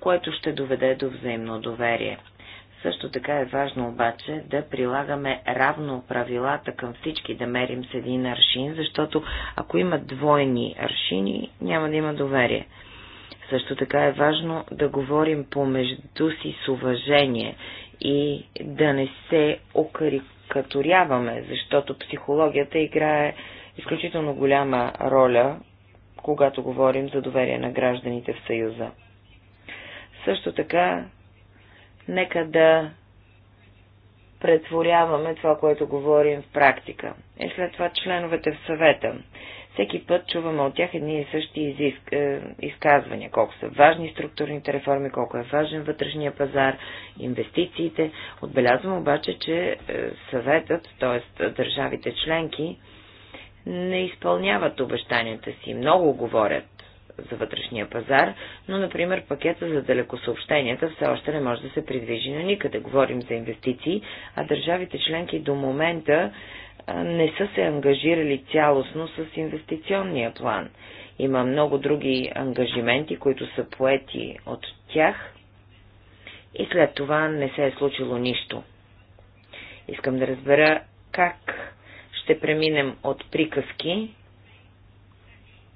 което ще доведе до взаимно доверие. Също така е важно обаче да прилагаме равно правилата към всички, да мерим с един аршин, защото ако има двойни аршини, няма да има доверие. Също така е важно да говорим помежду си с уважение и да не се окарикатуряваме, защото психологията играе изключително голяма роля, когато говорим за доверие на гражданите в Съюза. Също така Нека да претворяваме това, което говорим в практика. И след това членовете в съвета. Всеки път чуваме от тях едни и същи изиск, е, изказвания, колко са важни структурните реформи, колко е важен вътрешния пазар, инвестициите. Отбелязвам обаче, че е, съветът, т.е. държавите членки, не изпълняват обещанията си. Много говорят за вътрешния пазар, но, например, пакета за далекосъобщенията все още не може да се придвижи на никъде. Говорим за инвестиции, а държавите членки до момента не са се ангажирали цялостно с инвестиционния план. Има много други ангажименти, които са поети от тях и след това не се е случило нищо. Искам да разбера как ще преминем от приказки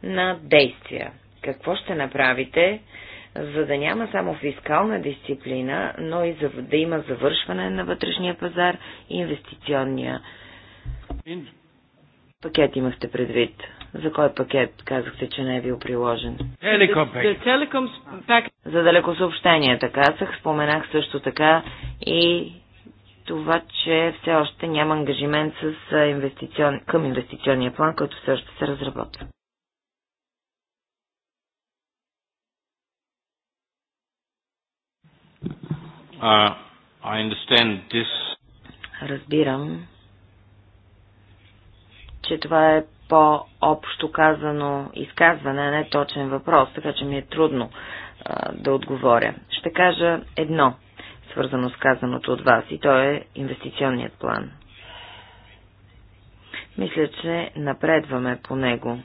на действия. Какво ще направите, за да няма само фискална дисциплина, но и за, да има завършване на вътрешния пазар и инвестиционния? Пакет имахте предвид. За кой пакет казахте, че не е бил приложен? Телеком За далекосъобщенията казах, споменах също така и това, че все още няма ангажимент с инвестицион... към инвестиционния план, който все още се разработва. Uh, I understand this. Разбирам, че това е по-общо казано изказване, а не точен въпрос, така че ми е трудно а, да отговоря. Ще кажа едно, свързано с казаното от вас, и то е инвестиционният план. Мисля, че напредваме по него.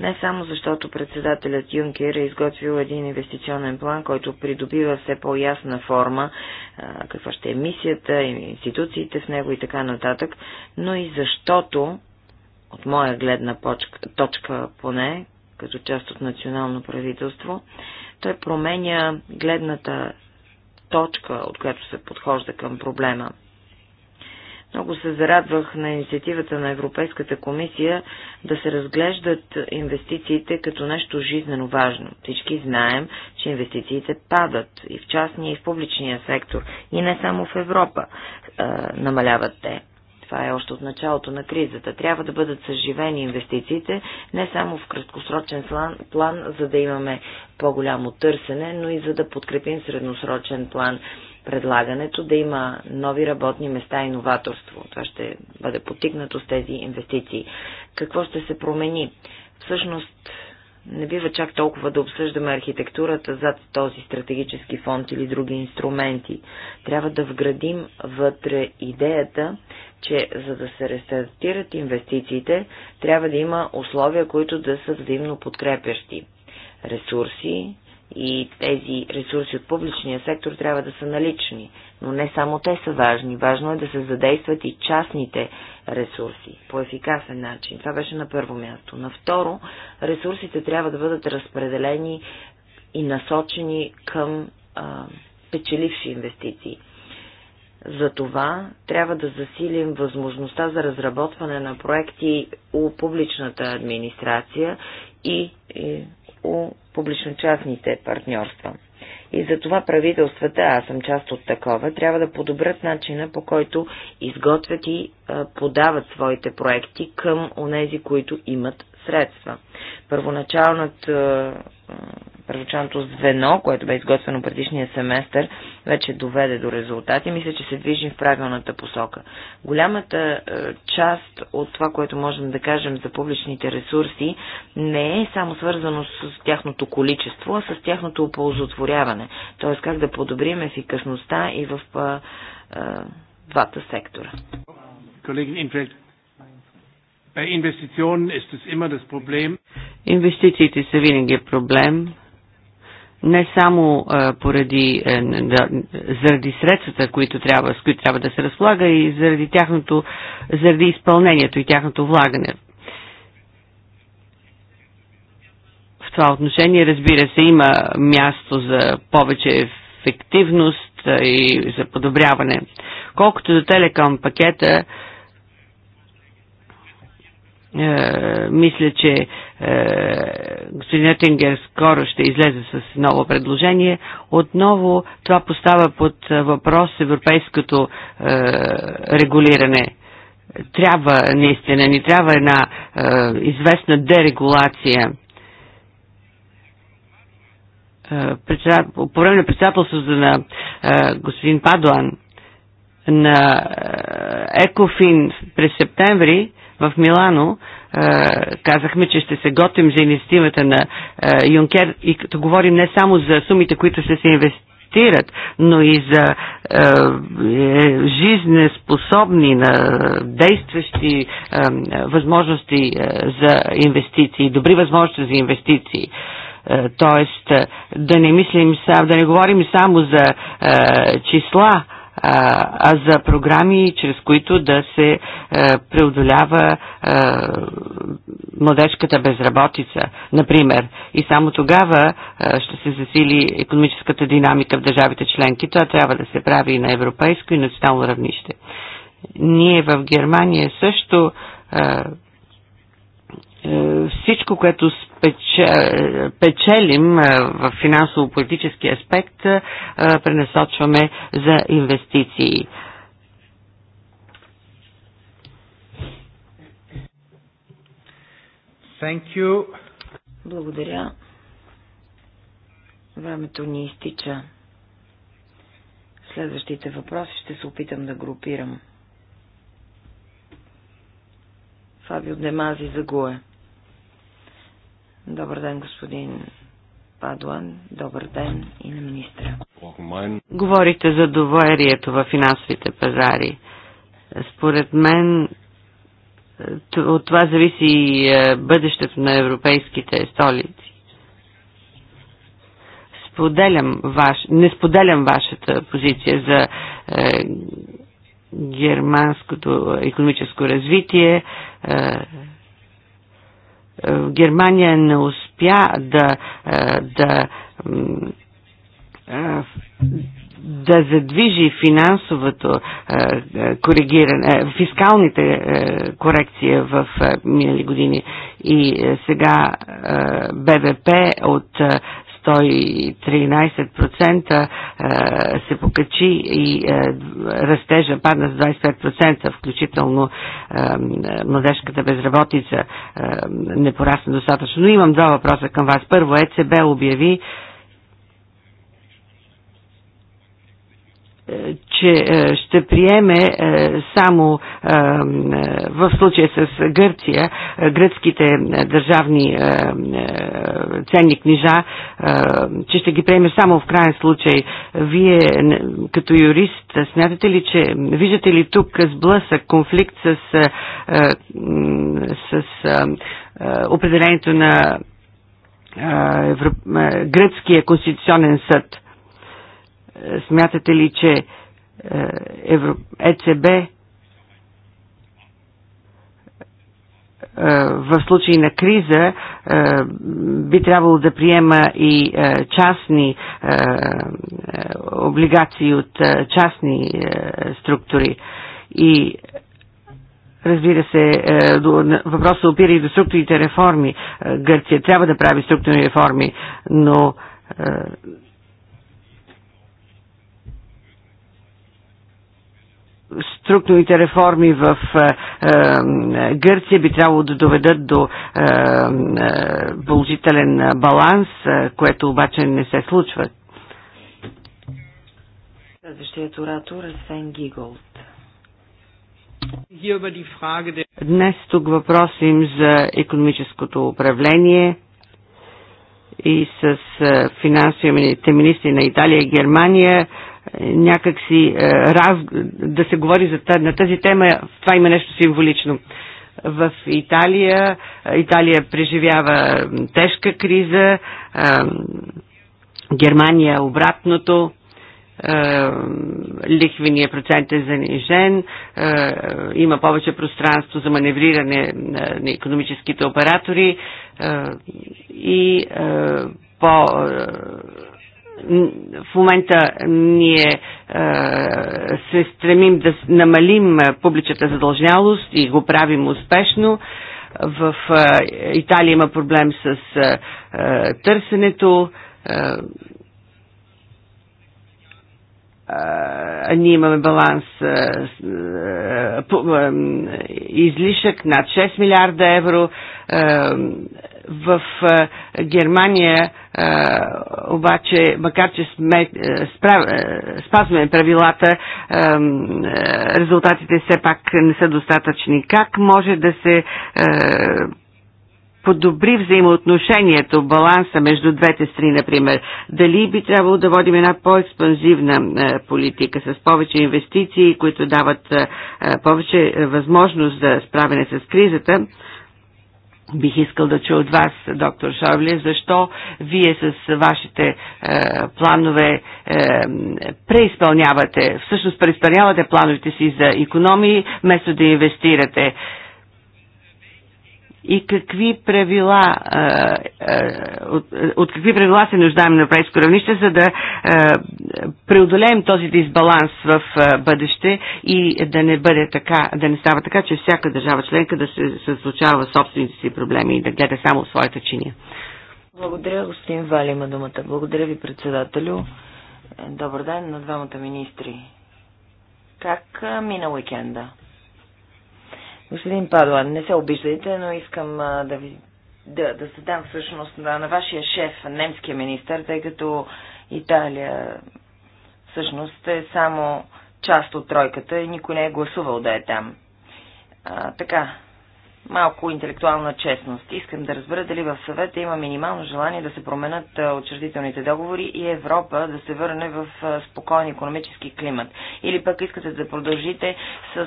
Не само защото председателят Юнкер е изготвил един инвестиционен план, който придобива все по-ясна форма, каква ще е мисията, институциите в него и така нататък, но и защото, от моя гледна точка поне, като част от национално правителство, той променя гледната точка, от която се подхожда към проблема. Много се зарадвах на инициативата на Европейската комисия да се разглеждат инвестициите като нещо жизнено важно. Всички знаем, че инвестициите падат и в частния, и в публичния сектор, и не само в Европа е, намаляват те. Това е още от началото на кризата. Трябва да бъдат съживени инвестициите не само в краткосрочен план, за да имаме по-голямо търсене, но и за да подкрепим средносрочен план предлагането, да има нови работни места и новаторство. Това ще бъде потигнато с тези инвестиции. Какво ще се промени? Всъщност, не бива чак толкова да обсъждаме архитектурата зад този стратегически фонд или други инструменти. Трябва да вградим вътре идеята, че за да се рестартират инвестициите, трябва да има условия, които да са взаимно подкрепящи. Ресурси, и тези ресурси от публичния сектор трябва да са налични. Но не само те са важни. Важно е да се задействат и частните ресурси по ефикасен начин. Това беше на първо място. На второ, ресурсите трябва да бъдат разпределени и насочени към а, печеливши инвестиции. За това трябва да засилим възможността за разработване на проекти у публичната администрация и, и у публично-частните партньорства. И за това правителствата, аз съм част от такова, трябва да подобрят начина по който изготвят и подават своите проекти към онези, които имат средства. Първоначалната първоначалното звено, което бе изготвено предишния семестър, вече доведе до резултати. Мисля, че се движим в правилната посока. Голямата е, част от това, което можем да кажем за публичните ресурси, не е само свързано с тяхното количество, а с тяхното оползотворяване. Т.е. как да подобрим ефикасността и в е, е, двата сектора. Колеги, Инфект, Инвестициите са винаги проблем. Не само поради, е, заради средствата, които трябва, с които трябва да се разполага, и заради, тяхното, заради изпълнението и тяхното влагане. В това отношение, разбира се, има място за повече ефективност и за подобряване. Колкото до телеком пакета, е, мисля, че е, господин Етингер скоро ще излезе с ново предложение. Отново това поставя под въпрос европейското е, регулиране. Трябва наистина, ни трябва една е, известна дерегулация. Е, по време на председателството на е, господин Падуан на Екофин през септември в Милано е, казахме, че ще се готвим за инициативата на е, Юнкер и като говорим не само за сумите, които ще се инвестират, но и за е, е, жизнеспособни на действащи е, възможности е, за инвестиции, добри възможности за инвестиции. Е, Тоест, е, да не мислим сам, да не говорим само за е, числа, а за програми, чрез които да се е, преодолява е, младежката безработица, например. И само тогава е, ще се засили економическата динамика в държавите членки. Това трябва да се прави и на европейско и национално равнище. Ние в Германия също всичко, което печелим в финансово-политически аспект, пренасочваме за инвестиции. Thank you. Благодаря. Времето ни изтича. Следващите въпроси ще се опитам да групирам. Фабио Демази за Гуе. Добър ден, господин Падуан. Добър ден и на министра. Говорите за доверието в финансовите пазари. Според мен от това зависи и е, бъдещето на европейските столици. Споделям ваш, не споделям вашата позиция за е, германското економическо развитие. Е, е, Германия не успя да, е, да, е, да задвижи финансовото коригиране, фискалните корекции в минали години и сега БВП от 113% е, се покачи и е, растежа падна с 25%, включително е, младежката безработица не порасна достатъчно. Но имам два въпроса към вас. Първо, ЕЦБ обяви че е, ще приеме е, само е, в случая с Гърция гръцките държавни ценни книжа, че ще ги приеме само в крайен случай. Вие като юрист смятате ли, че виждате ли тук сблъсък, конфликт с, с определението на Гръцкия конституционен съд? Смятате ли, че ЕЦБ е е, в случай на криза е, би трябвало да приема и частни облигации от частни структури. И Разбира се, въпросът опира и до структурните реформи. Гърция трябва да прави структурни реформи, но структурните реформи в е, е, Гърция би трябвало да доведат до е, положителен баланс, което обаче не се случва. Следващият оратор е Сен Гиголд. Днес тук въпросим за економическото управление и с финансовите министри на Италия и Германия някакси е, раз, да се говори за, на тази тема, това има нещо символично. В Италия, Италия преживява тежка криза, е, Германия обратното, е, лихвения процент е занижен, има повече пространство за маневриране на економическите оператори и по в момента ние е, се стремим да намалим е, публичната задължнялост и го правим успешно. В е, Италия има проблем с търсенето. ние имаме баланс излишък над 6 милиарда евро в Германия обаче, макар че сме, справ, спазваме правилата, резултатите все пак не са достатъчни. Как може да се подобри взаимоотношението, баланса между двете страни, например. Дали би трябвало да водим една по-експанзивна политика с повече инвестиции, които дават повече възможност за справяне с кризата? Бих искал да чуя от вас, доктор Шорле, защо вие с вашите е, планове е, преизпълнявате, всъщност преизпълнявате плановете си за економии, вместо да инвестирате и какви правила, от, от какви правила се нуждаем на европейско равнище, за да преодолеем този дисбаланс в бъдеще и да не бъде така, да не става така, че всяка държава членка да се съзвучава собствените си проблеми и да гледа само своята чиния. Благодаря, господин Вали, има думата. Благодаря ви, председателю. Добър ден на двамата министри. Как мина уикенда? Господин Падуан, не се обиждайте, но искам а, да ви да, да задам всъщност на, на вашия шеф, немския министър, тъй като Италия всъщност е само част от тройката и никой не е гласувал да е там. А, така, малко интелектуална честност. Искам да разбера дали в съвета има минимално желание да се променят учредителните договори и Европа да се върне в спокоен економически климат. Или пък искате да продължите с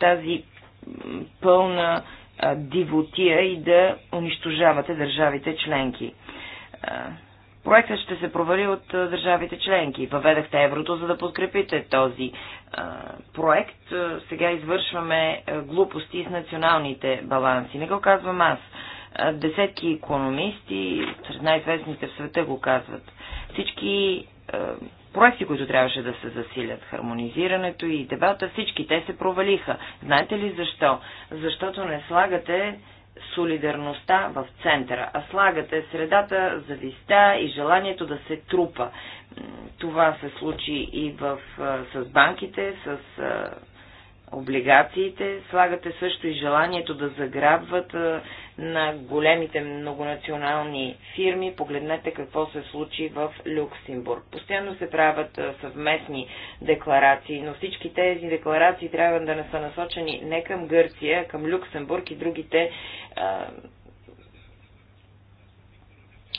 тази пълна дивотия и да унищожавате държавите членки. Проектът ще се провали от държавите членки. Въведахте еврото, за да подкрепите този проект. Сега извършваме глупости с националните баланси. Не го казвам аз. Десетки економисти, сред най-известните в света го казват. Всички проекти, които трябваше да се засилят, хармонизирането и дебата, всички те се провалиха. Знаете ли защо? Защото не слагате солидарността в центъра, а слагате средата, зависта и желанието да се трупа. Това се случи и в, с банките, с облигациите, слагате също и желанието да заграбват на големите многонационални фирми. Погледнете какво се случи в Люксембург. Постоянно се правят съвместни декларации, но всички тези декларации трябва да не са насочени не към Гърция, а към Люксембург и другите а,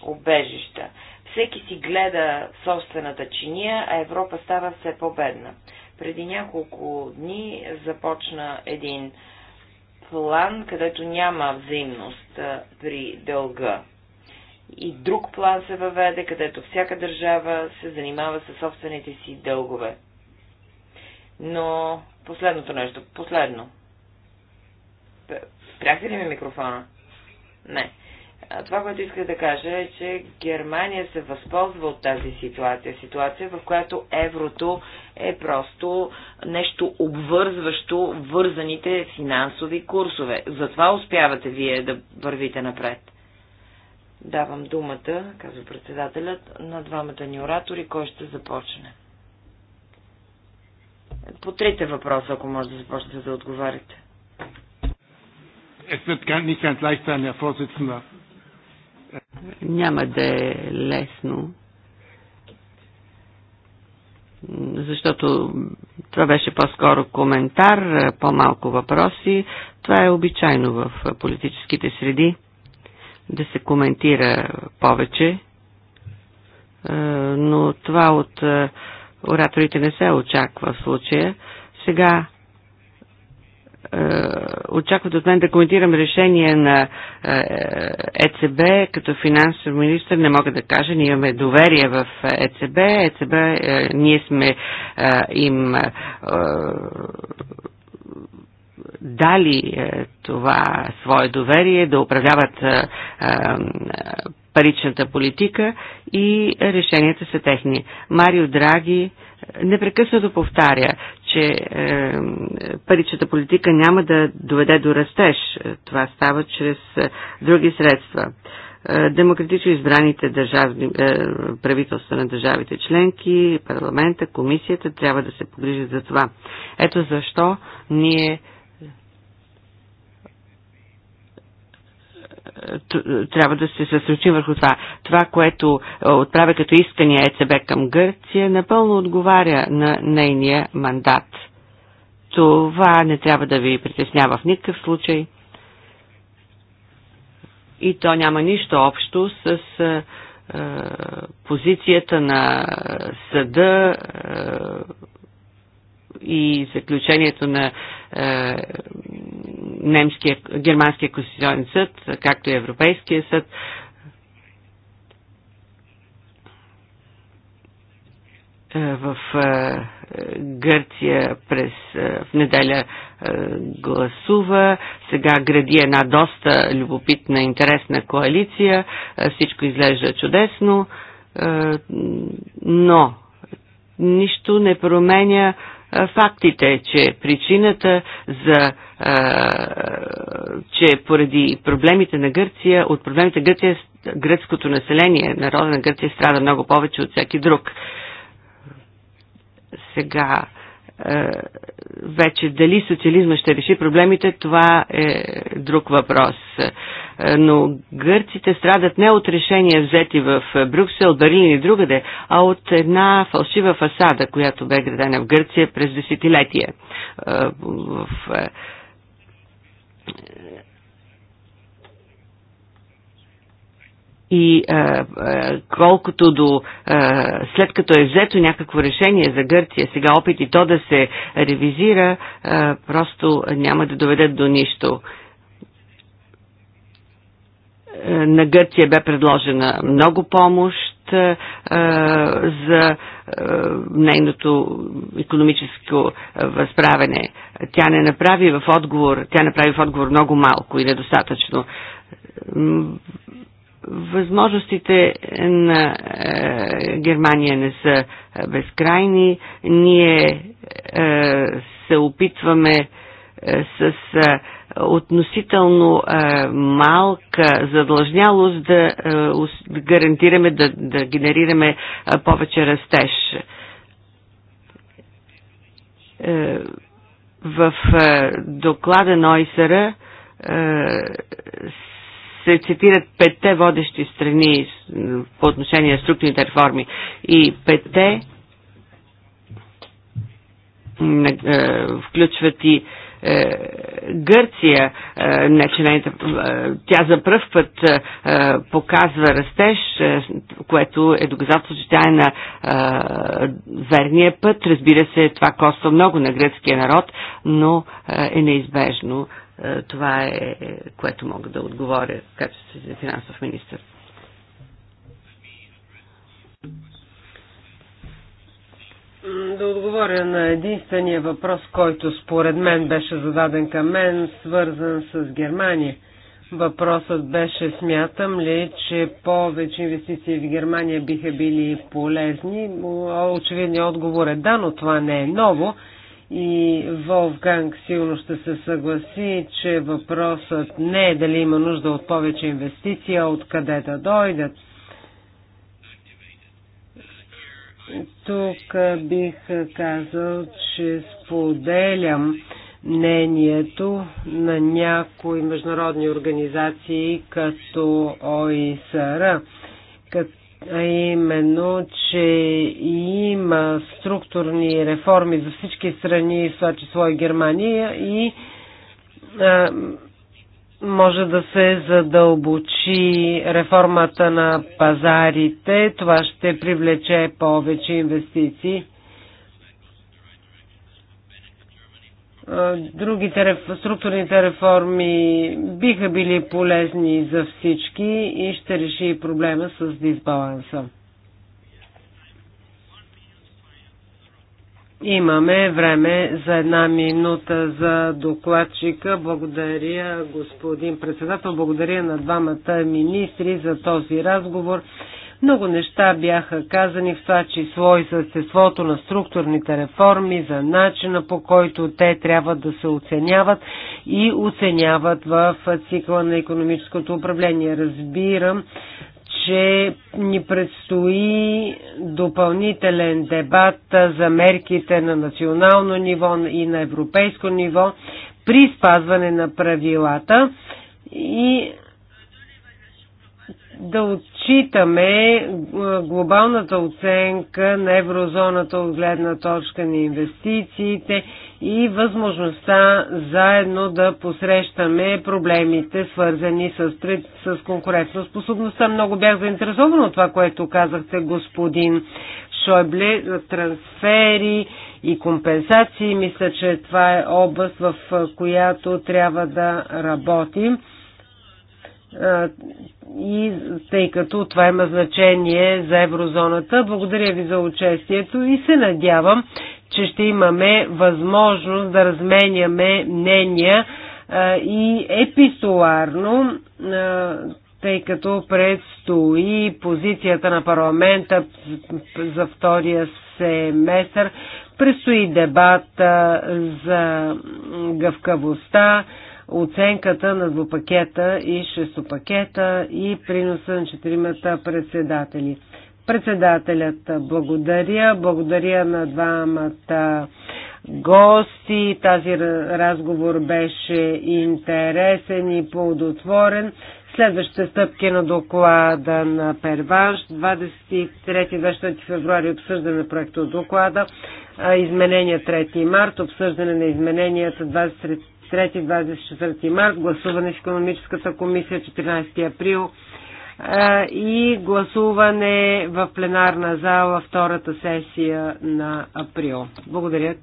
обежища. Всеки си гледа собствената чиния, а Европа става все по-бедна. Преди няколко дни започна един план, където няма взаимност при дълга. И друг план се въведе, където всяка държава се занимава със собствените си дългове. Но последното нещо, последно. Спряхте ли ми микрофона? Не това, което исках да кажа е, че Германия се възползва от тази ситуация. Ситуация, в която еврото е просто нещо обвързващо вързаните финансови курсове. Затова успявате вие да вървите напред. Давам думата, казва председателят, на двамата ни оратори, кой ще започне. По трите въпроса, ако може да започнете да отговаряте. Es wird nicht ganz leicht sein, Herr Vorsitzender няма да е лесно, защото това беше по-скоро коментар, по-малко въпроси. Това е обичайно в политическите среди да се коментира повече, е, но това от е, ораторите не се очаква в случая. Сега е, очакват от мен да коментирам решение на ЕЦБ е като финансов министр. Не мога да кажа, ние имаме доверие в ЕЦБ. Е ЕЦБ, ние сме им дали това свое доверие да управляват паричната политика и решенията са техни. Марио Драги непрекъснато повтаря, че е, паричната политика няма да доведе до растеж. Това става чрез е, други средства. Е, демократично избраните държавни, е, правителства на държавите членки, парламента, комисията трябва да се погрижат за това. Ето защо ние трябва да се съсредоточим върху това. Това, което е, отправя като искания ЕЦБ към Гърция, напълно отговаря на нейния мандат. Това не трябва да ви притеснява в никакъв случай. И то няма нищо общо с е, е позицията на съда е, и заключението на е, немския, германския конституционен съд, както и Европейския съд. Е, в е, Гърция през в неделя гласува. Сега гради една доста любопитна, интересна коалиция. Всичко изглежда чудесно, но нищо не променя Фактите е, че причината за че поради проблемите на Гърция, от проблемите на Гърция, гръцкото население, народа на Гърция страда много повече от всеки друг. Сега, вече дали социализма ще реши проблемите, това е друг въпрос. Е, но гърците страдат не от решения взети в е, Брюксел, Берлин и другаде, а от една фалшива фасада, която бе градена в Гърция през десетилетия. Е, в и а, а, колкото до а, след като е взето някакво решение за Гърция, сега опит и то да се ревизира, а, просто няма да доведат до нищо. А, на Гърция бе предложена много помощ за нейното економическо възправене. Тя не направи в отговор, тя направи в отговор много малко и недостатъчно. Възможностите на е, Германия не са безкрайни. Ние е, се опитваме е, с е, относително е, малка задлъжнялост да, е, да гарантираме, да, да генерираме е, повече растеж. Е, в е, доклада на ОИСР е, се цитират петте водещи страни по отношение на структурните реформи и петте е, включват и е, Гърция, е, не че не, е, тя за пръв път показва растеж, което е доказателство, че тя е на верния път. Разбира се, това коства много на гръцкия народ, но е неизбежно. Това е, което мога да отговоря, като за финансов министр. да отговоря на единствения въпрос, който според мен беше зададен към мен, свързан с Германия. Въпросът беше, смятам ли, че повече инвестиции в Германия биха били полезни. Очевидният отговор е да, но това не е ново. И Волфганг силно ще се съгласи, че въпросът не е дали има нужда от повече инвестиции, а къде да дойдат. Тук бих казал, че споделям мнението на някои международни организации като ОИСР, а именно, че има структурни реформи за всички страни, в това число и Германия и може да се задълбочи реформата на пазарите. Това ще привлече повече инвестиции. Другите структурните реформи биха били полезни за всички и ще реши проблема с дисбаланса. Имаме време за една минута за докладчика. Благодаря, господин председател. Благодаря на двамата министри за този разговор. Много неща бяха казани, в това число и за естеството на структурните реформи, за начина по който те трябва да се оценяват и оценяват в цикла на економическото управление. Разбирам, че ни предстои допълнителен дебат за мерките на национално ниво и на европейско ниво при спазване на правилата и да отчитаме глобалната оценка на еврозоната от гледна точка на инвестициите и възможността заедно да посрещаме проблемите, свързани с, с способността. Много бях заинтересован от това, което казахте, господин Шойбле, за трансфери и компенсации. Мисля, че това е област, в която трябва да работим. И тъй като това има значение за еврозоната, благодаря ви за участието и се надявам, че ще имаме възможност да разменяме мнения и епистоларно, тъй като предстои позицията на парламента за втория семестър, предстои дебат за гъвкавостта, оценката на двупакета и шестопакета и приноса на четиримата председатели. Председателят, благодаря. Благодаря на двамата гости. Тази разговор беше интересен и плодотворен. Следващите стъпки на доклада на Перванш, 23-24 февруари обсъждане на проекта от доклада, изменения 3 март, обсъждане на измененията 23-24 март, гласуване в економическата комисия 14 април, и гласуване в пленарна зала втората сесия на април. Благодаря.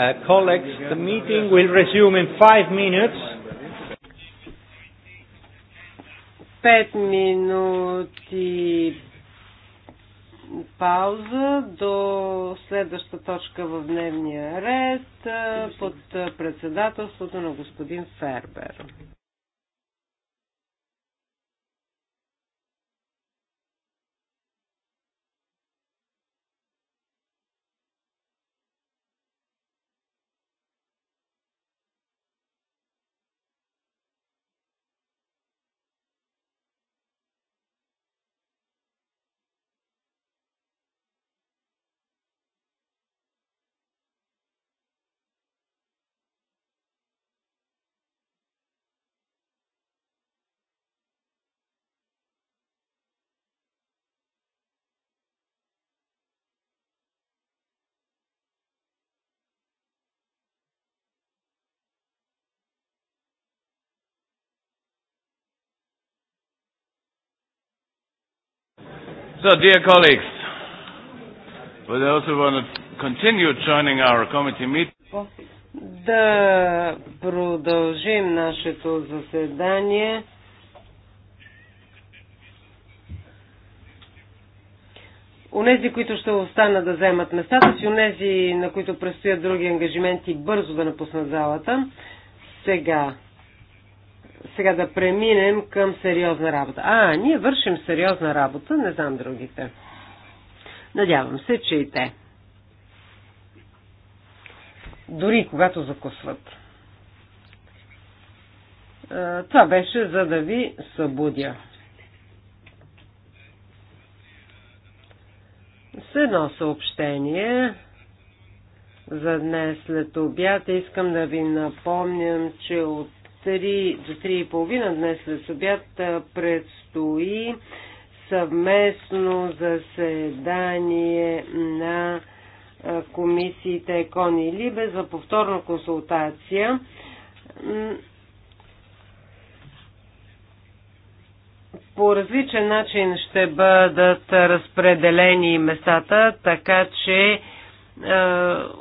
Uh, colleagues, the meeting will resume in five minutes. Пет минути пауза до следваща точка в дневния ред под председателството на господин Фербер. So, dear colleagues, for those who want to continue joining our committee meeting, да продължим нашето заседание. Унези, които ще останат да вземат местата си, унези, на които предстоят други ангажименти, бързо да напуснат залата. Сега сега да преминем към сериозна работа. А, ние вършим сериозна работа, не знам другите. Надявам се, че и те. Дори когато закусват. Това беше за да ви събудя. С едно съобщение за днес след обяд искам да ви напомням, че от 3 до половина днес след обяд предстои съвместно заседание на комисиите ЕКОН и ЛИБЕ за повторна консултация. По различен начин ще бъдат разпределени местата, така че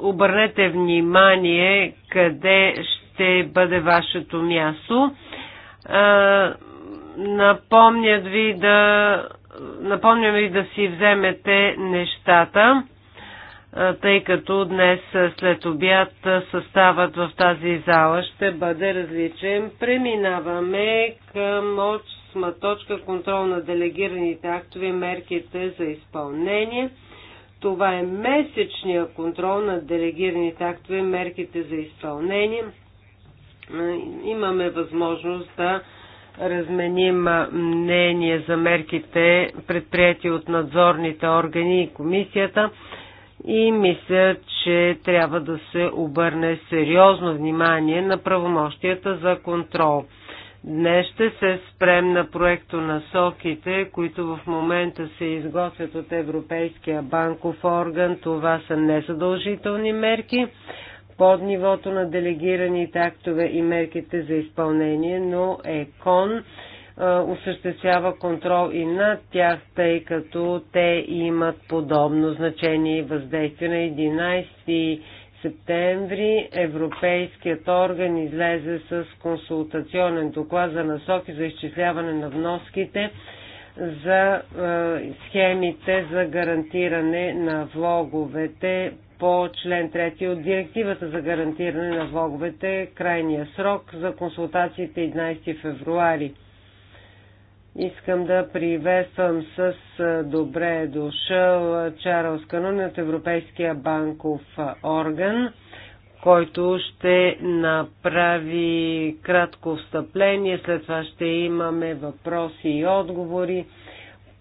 обърнете внимание къде ще ще бъде вашето място. Напомнят ви да, напомням ви да си вземете нещата, тъй като днес след обяд съставът в тази зала ще бъде различен. Преминаваме към осма точка контрол на делегираните актове и мерките за изпълнение. Това е месечния контрол на делегираните актове, мерките за изпълнение имаме възможност да разменим мнение за мерките, предприяти от надзорните органи и комисията. И мисля, че трябва да се обърне сериозно внимание на правомощията за контрол. Днес ще се спрем на проекто соките, които в момента се изготвят от Европейския банков орган. Това са незадължителни мерки под нивото на делегираните актове и мерките за изпълнение, но ЕКОН осъществява контрол и над тях, тъй като те имат подобно значение и въздействие. На 11 септември Европейският орган излезе с консултационен доклад за насоки за изчисляване на вноските за схемите за гарантиране на влоговете по член 3 от Директивата за гарантиране на влоговете. Крайния срок за консултациите 11 е февруари. Искам да приветствам с добре дошъл Чарлз Сканун от Европейския банков орган, който ще направи кратко встъпление. След това ще имаме въпроси и отговори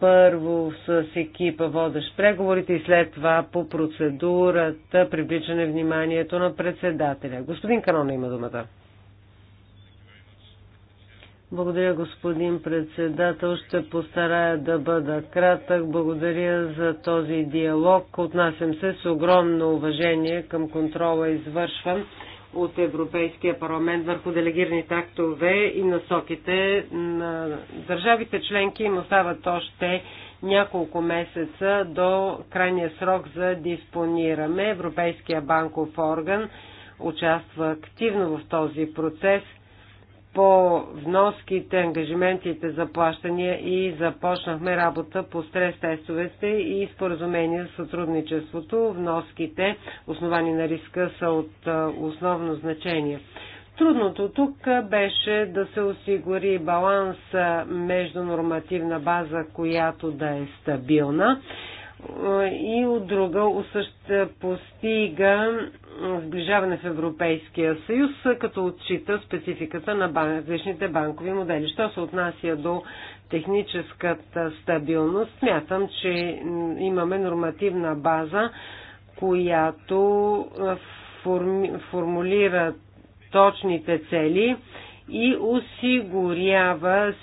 първо с екипа водещ преговорите и след това по процедурата привличане вниманието на председателя. Господин Канона има думата. Благодаря, господин председател. Ще постарая да бъда кратък. Благодаря за този диалог. Отнасям се с огромно уважение към контрола извършвам от Европейския парламент върху делегираните актове и насоките на държавите членки им остават още няколко месеца до крайния срок за диспониране. Европейския банков орган участва активно в този процес – по вноските, ангажиментите за плащания и започнахме работа по стрес-тестовете и споразумение за сътрудничеството. Вноските, основани на риска, са от основно значение. Трудното тук беше да се осигури баланс между нормативна база, която да е стабилна и от друга осъща постига сближаване в Европейския съюз, като отчита спецификата на различните банкови модели. Що се отнася до техническата стабилност, смятам, че имаме нормативна база, която форми... формулира точните цели и осигурява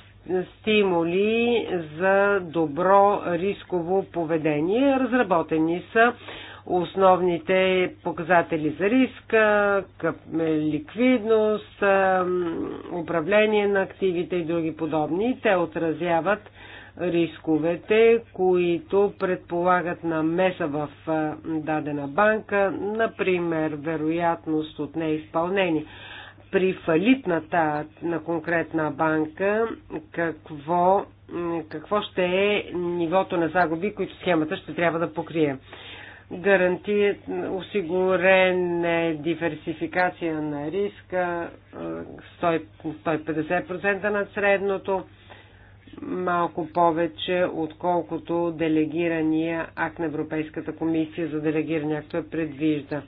стимули за добро рисково поведение. Разработени са основните показатели за риска, е, ликвидност, е, управление на активите и други подобни. Те отразяват рисковете, които предполагат намеса в е, дадена банка, например вероятност от неизпълнение при фалитната на конкретна банка, какво, какво ще е нивото на загуби, които схемата ще трябва да покрие. Гарантия, осигурен е диверсификация на риска 100, 150% над средното, малко повече, отколкото делегирания акт на Европейската комисия за делегирани актове предвижда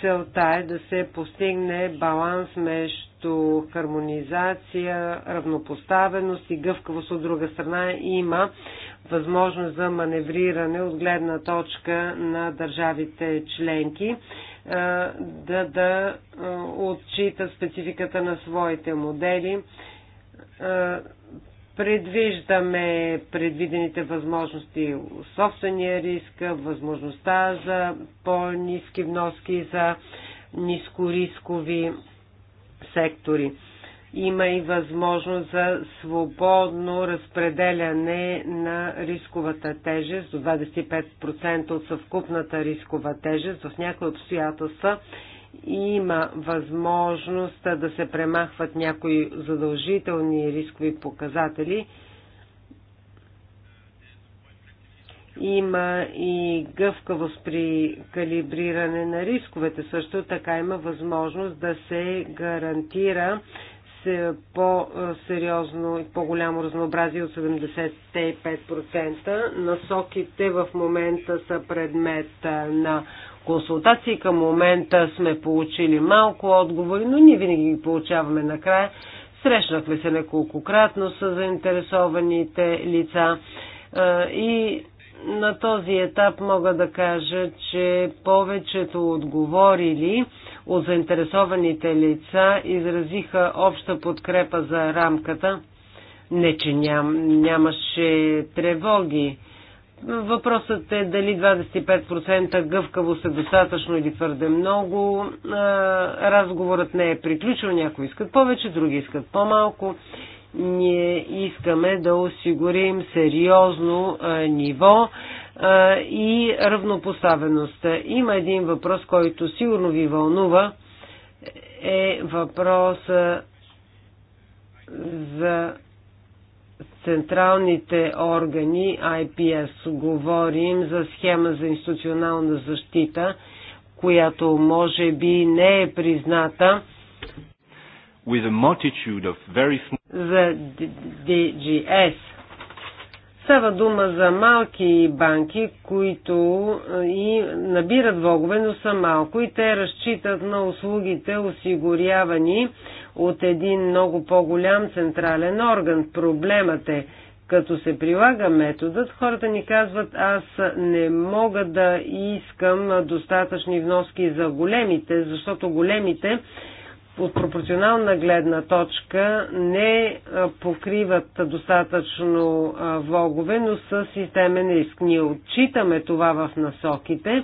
Целта е да се постигне баланс между хармонизация, равнопоставеност и гъвкавост от друга страна. Има възможност за маневриране от гледна точка на държавите членки е, да, да е, отчитат спецификата на своите модели е, Предвиждаме предвидените възможности, собствения риск, възможността за по-низки вноски за нискорискови сектори. Има и възможност за свободно разпределяне на рисковата тежест до 25% от съвкупната рискова тежест в някои обстоятелства има възможност да се премахват някои задължителни рискови показатели. Има и гъвкавост при калибриране на рисковете. Също така има възможност да се гарантира по-сериозно и по-голямо разнообразие от 75%. Насоките в момента са предмет на консултации. Към момента сме получили малко отговори, но ние винаги ги получаваме накрая. Срещнахме се неколкократно с заинтересованите лица е, и на този етап мога да кажа, че повечето отговорили от заинтересованите лица изразиха обща подкрепа за рамката. Не, че ням, нямаше тревоги. Въпросът е дали 25% гъвкаво са достатъчно или твърде много. Разговорът не е приключил. Някои искат повече, други искат по-малко. Ние искаме да осигурим сериозно ниво и равнопоставеност. Има един въпрос, който сигурно ви вълнува. Е въпроса за централните органи IPS. Говорим за схема за институционална защита, която може би не е призната with a multitude of very small... за DGS. Става дума за малки банки, които е, и набират влогове, но са малко и те разчитат на услугите, осигурявани от един много по-голям централен орган. Проблемът е, като се прилага методът, хората ни казват, аз не мога да искам достатъчни вноски за големите, защото големите от пропорционална гледна точка не покриват достатъчно влогове, но с системен риск. Ние отчитаме това в насоките.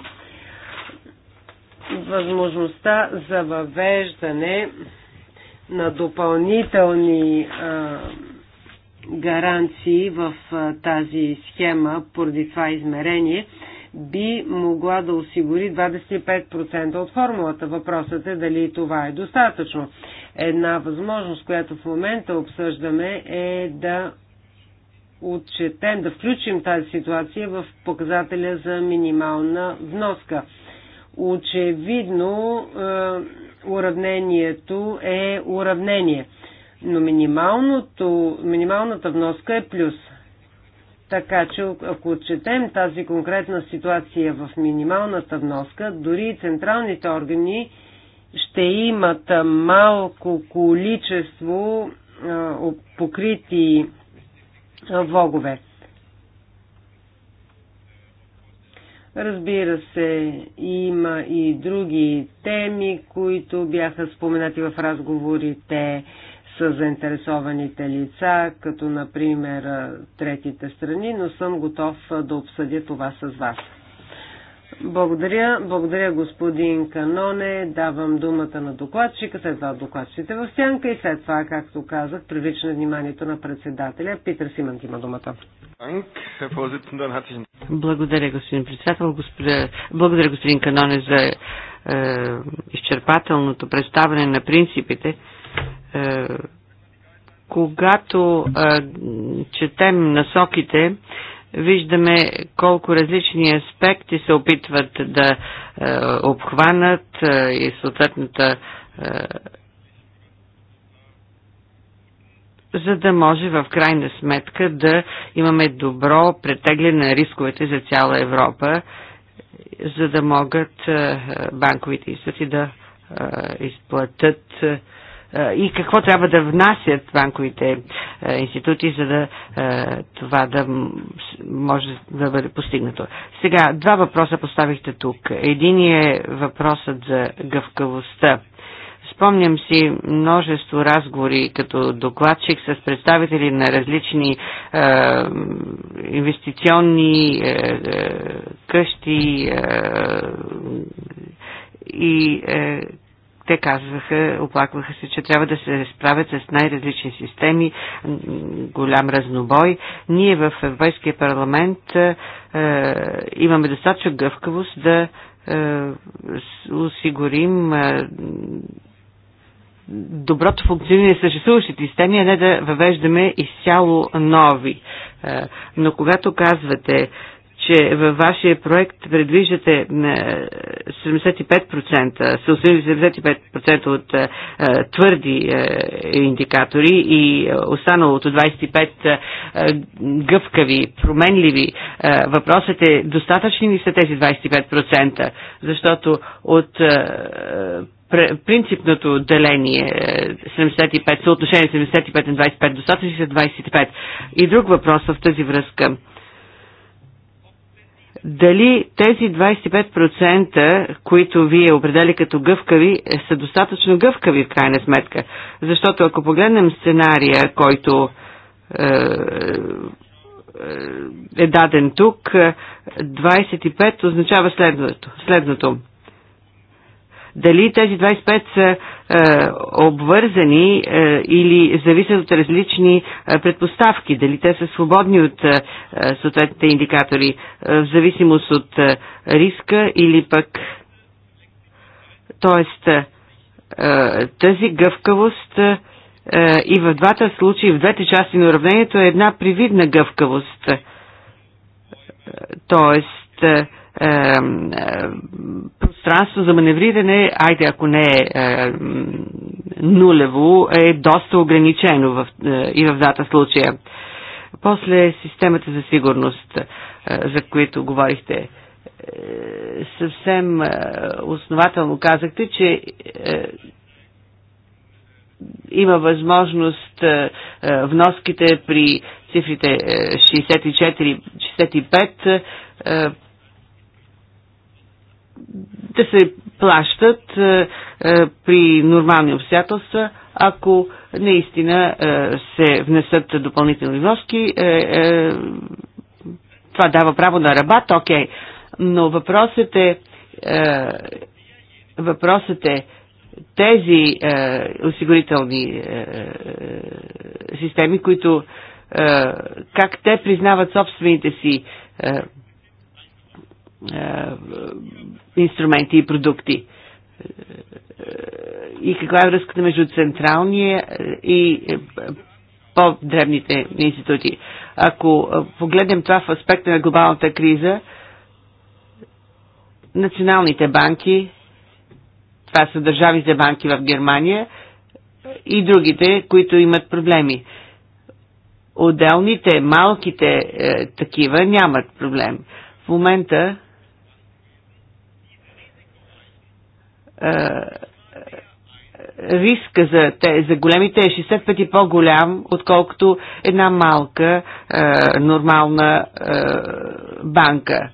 Възможността за въвеждане на допълнителни а, гаранции в а, тази схема поради това измерение би могла да осигури 25% от формулата. Въпросът е дали това е достатъчно. Една възможност, която в момента обсъждаме е да отчетем, да включим тази ситуация в показателя за минимална вноска. Очевидно уравнението е уравнение. Но минималното, минималната вноска е плюс. Така че ако отчетем тази конкретна ситуация в минималната вноска, дори централните органи ще имат малко количество покрити влогове. Разбира се, има и други теми, които бяха споменати в разговорите с заинтересованите лица, като например третите страни, но съм готов да обсъдя това с вас. Благодаря, благодаря господин Каноне. Давам думата на докладчика, след това докладчите в сянка и след това, както казах, привлича вниманието на председателя. Питър Симън има думата. Благодаря, господин председател. Господа... Благодаря, господин Каноне, за е, изчерпателното представяне на принципите. Е, когато е, четем насоките, е, виждаме колко различни аспекти се опитват да е, обхванат е, и съответната е, за да може в крайна сметка да имаме добро претегляне на рисковете за цяла Европа, за да могат е, банковите институции да е, изплатят е, е, и какво трябва да внасят банковите е, институти, за да е, това да може да бъде постигнато. Сега, два въпроса поставихте тук. Един е въпросът за гъвкавостта. Спомням си множество разговори като докладчик с представители на различни е, инвестиционни е, е, къщи е, и е, те казваха, оплакваха се, че трябва да се справят с най-различни системи, голям разнобой. Ние в Европейския парламент е, имаме достатъчно гъвкавост да е, осигурим е, доброто функциониране на съществуващите системи, а не да въвеждаме изцяло нови. Е, но когато казвате че във вашия проект предвиждате 75%, е, 75% от е, твърди е, индикатори и останалото 25% гъвкави, променливи. Въпросът е, достатъчни ли са тези 25%? Защото от принципното деление 75, съотношение 75 на 25, достатъчно са 25. И друг въпрос в тази връзка – дали тези 25%, които вие определи като гъвкави, е, са достатъчно гъвкави в крайна сметка. Защото ако погледнем сценария, който е, е, е даден тук, 25 означава следното. следното. Дали тези 25 са е, обвързани е, или зависят от различни е, предпоставки, дали те са свободни от съответните индикатори, в зависимост от риска или пък. Тоест, тази гъвкавост и в двата случаи, в двете части на уравнението е една привидна гъвкавост. Тоест, пространство за маневриране, айде ако не е, е нулево, е доста ограничено в, е, и в двата случая. После системата за сигурност, е, за които говорихте, е, съвсем е, основателно казахте, че е, има възможност е, е вноските при цифрите 64-65 е, да се плащат е, е, при нормални обстоятелства, ако наистина е, се внесат допълнителни вноски. Е, е, това дава право на рабат, окей. Но въпросът е, е, въпросът е тези е, осигурителни е, е системи, които е, как те признават собствените си е, е, инструменти и продукти. Е, е, и каква е връзката между централния и по-древните институти. Ако погледнем това в аспекта на глобалната криза, националните банки, това са държавните банки в Германия и другите, които имат проблеми. Отделните, малките е, такива нямат проблем. В момента Е, е, риска за, те, за големите е 60 пъти по-голям, отколкото една малка а, е, нормална а, банка.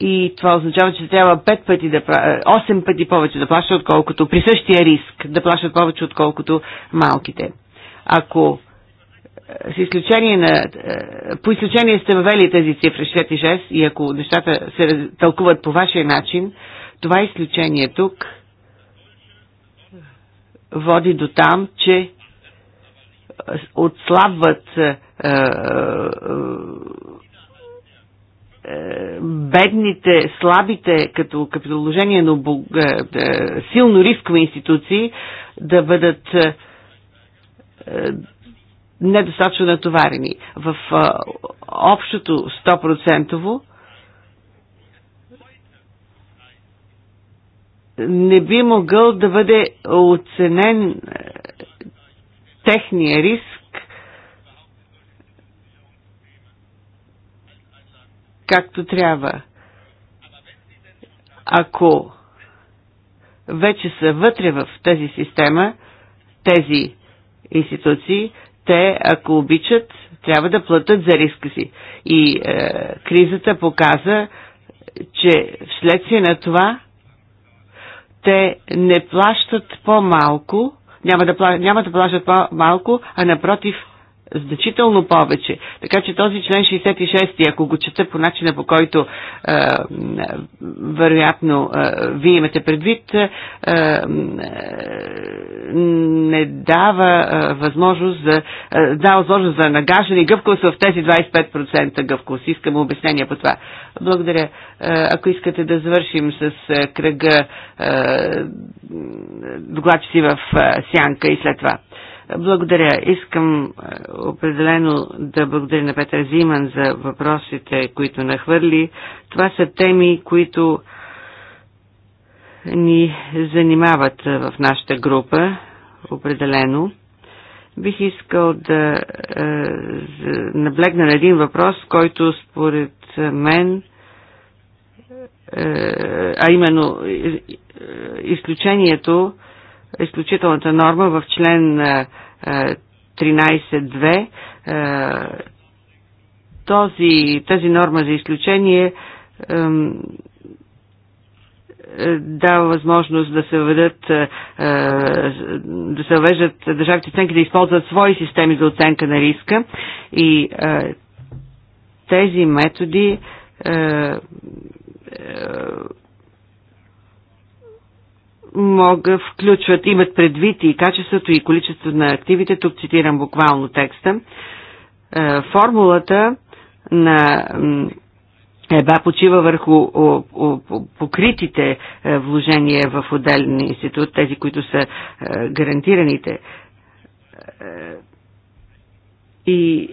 И това означава, че трябва 5 пъти да, 8 пъти повече да плаща, отколкото при същия риск да плащат повече, отколкото малките. Ако с изключение на, е, по изключение сте въвели тези цифри 66 и ако нещата се тълкуват по вашия начин, това изключение тук води до там, че е, отслабват е, е, е, бедните, слабите като капиталожение на е, е, силно рискови институции да бъдат недостатъчно натоварени. В а, общото 100% не би могъл да бъде оценен е, техния риск, както трябва. Ако вече са вътре в тази система, тези институции, те, ако обичат, трябва да платят за риска си. И е, кризата показа, че вследствие на това те не плащат по-малко, няма да, няма да плащат по-малко, а напротив значително повече. Така че този член 66, ако го чета по начина по който е, вероятно е, вие имате предвид, е, е, не дава е, възможност за, е, дава възможност за нагаждане и гъвкост в тези 25% гъвкост. Искам обяснение по това. Благодаря. Е, ако искате да завършим с е, кръга е, си в е, сянка и след това. Благодаря. Искам е, определено да благодаря на Петър Зиман за въпросите, които нахвърли. Това са теми, които ни занимават е, в нашата група, определено. Бих искал да е, наблегна на един въпрос, който според мен, е, е а именно изключението е, изключителната норма в член 13.2. Е, е, е, този, тази норма за изключение дава възможност да се въведат, да се въвеждат държавите оценки да използват свои системи за оценка на риска и тези методи мога включват, имат предвид и качеството и количество на активите. Тук цитирам буквално текста. Е, формулата на ЕБА почива върху покритите е, вложения в отделен институт, тези, които са е, гарантираните. И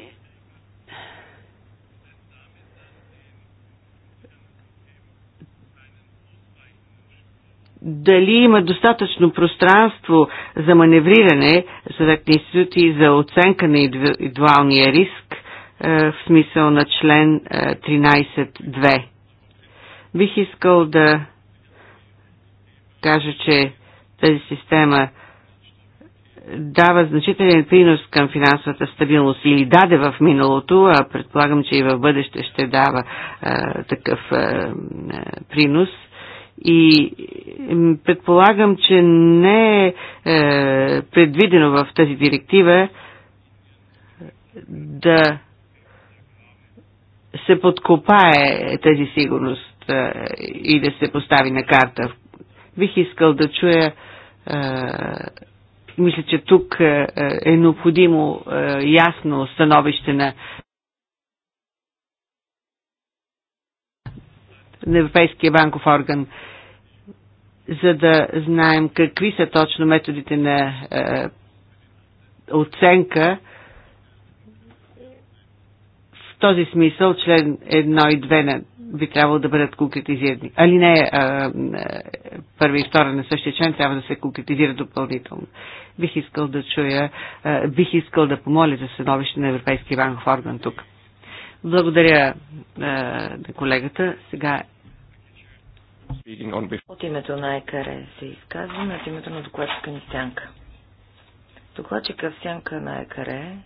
дали има достатъчно пространство за маневриране съдебни институти за оценка на индивидуалния риск е, в смисъл на член 13.2. Е, Бих искал да кажа, че тази система дава значителен принос към финансовата стабилност или даде в миналото, а предполагам, че и в бъдеще ще дава а, е, такъв а, принос – и предполагам, че не е, е предвидено в тази директива е, да се подкопае тази сигурност е, и да се постави на карта. Бих искал да чуя мисля, че тук е необходимо ясно становище на на Европейския банков орган за да знаем какви са точно методите на е, оценка. В този смисъл член 1 и 2 на, би трябвало да бъдат конкретизирани. Али не, е, първи и втора на същия член трябва да се конкретизира допълнително. Бих искал да чуя, е, бих искал да помоля за становище на Европейския банков орган тук. Благодаря е, на колегата. Сега от името на ЕКРЕ се изказвам, от името на докладчика ни Сянка. Докладчика Сянка на ЕКРЕ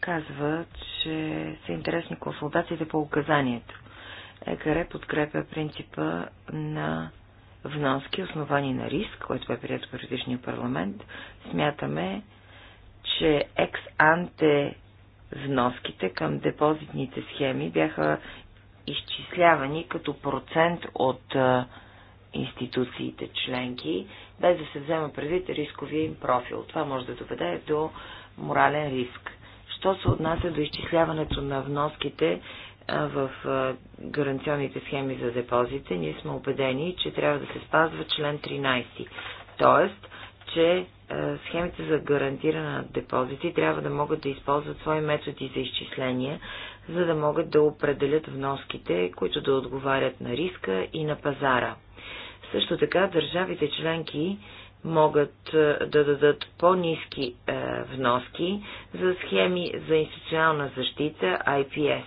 казва, че са интересни консултациите по указанието. ЕКРЕ подкрепя принципа на вноски, основани на риск, който бе прият в предишния парламент. Смятаме, че екс-анте вноските към депозитните схеми бяха изчислявани като процент от институциите членки, без да се взема предвид рисковия им профил. Това може да доведе до морален риск. Що се отнася до изчисляването на вноските в гаранционните схеми за депозите, ние сме убедени, че трябва да се спазва член 13. Тоест, че схемите за гарантиране на депозити трябва да могат да използват свои методи за изчисление, за да могат да определят вноските, които да отговарят на риска и на пазара. Също така държавите членки могат е, да дадат по-низки е, вноски за схеми за институционална защита IPS.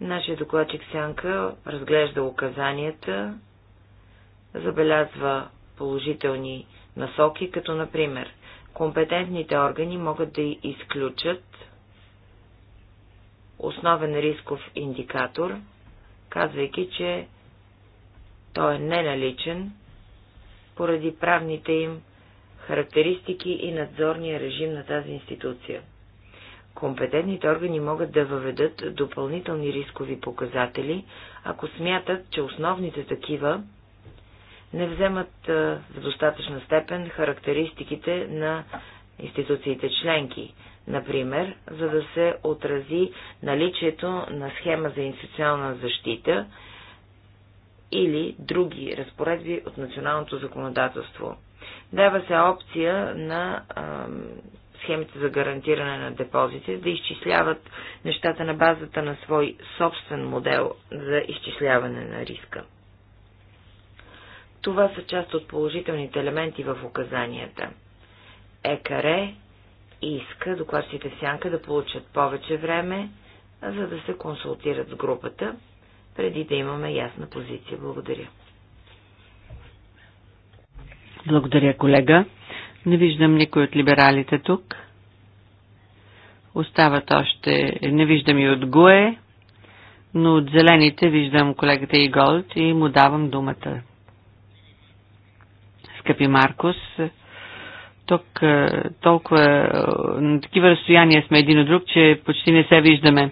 Нашия докладчик Сянка разглежда указанията, забелязва положителни насоки, като например компетентните органи могат да изключат основен рисков индикатор, казвайки, че той е неналичен поради правните им характеристики и надзорния режим на тази институция. Компетентните органи могат да въведат допълнителни рискови показатели, ако смятат, че основните такива не вземат в достатъчна степен характеристиките на институциите членки, например, за да се отрази наличието на схема за институционална защита или други разпоредби от националното законодателство. Дава се опция на схемите за гарантиране на депозити да изчисляват нещата на базата на свой собствен модел за изчисляване на риска. Това са част от положителните елементи в указанията. ЕКАРЕ иска докладчите в сянка да получат повече време, за да се консултират с групата, преди да имаме ясна позиция. Благодаря. Благодаря, колега. Не виждам никой от либералите тук. Остават още... Не виждам и от ГУЕ, но от зелените виждам колегата Иголд и му давам думата. Скъпи Маркус, тук е, толкова е, на такива разстояния сме един от друг, че почти не се виждаме.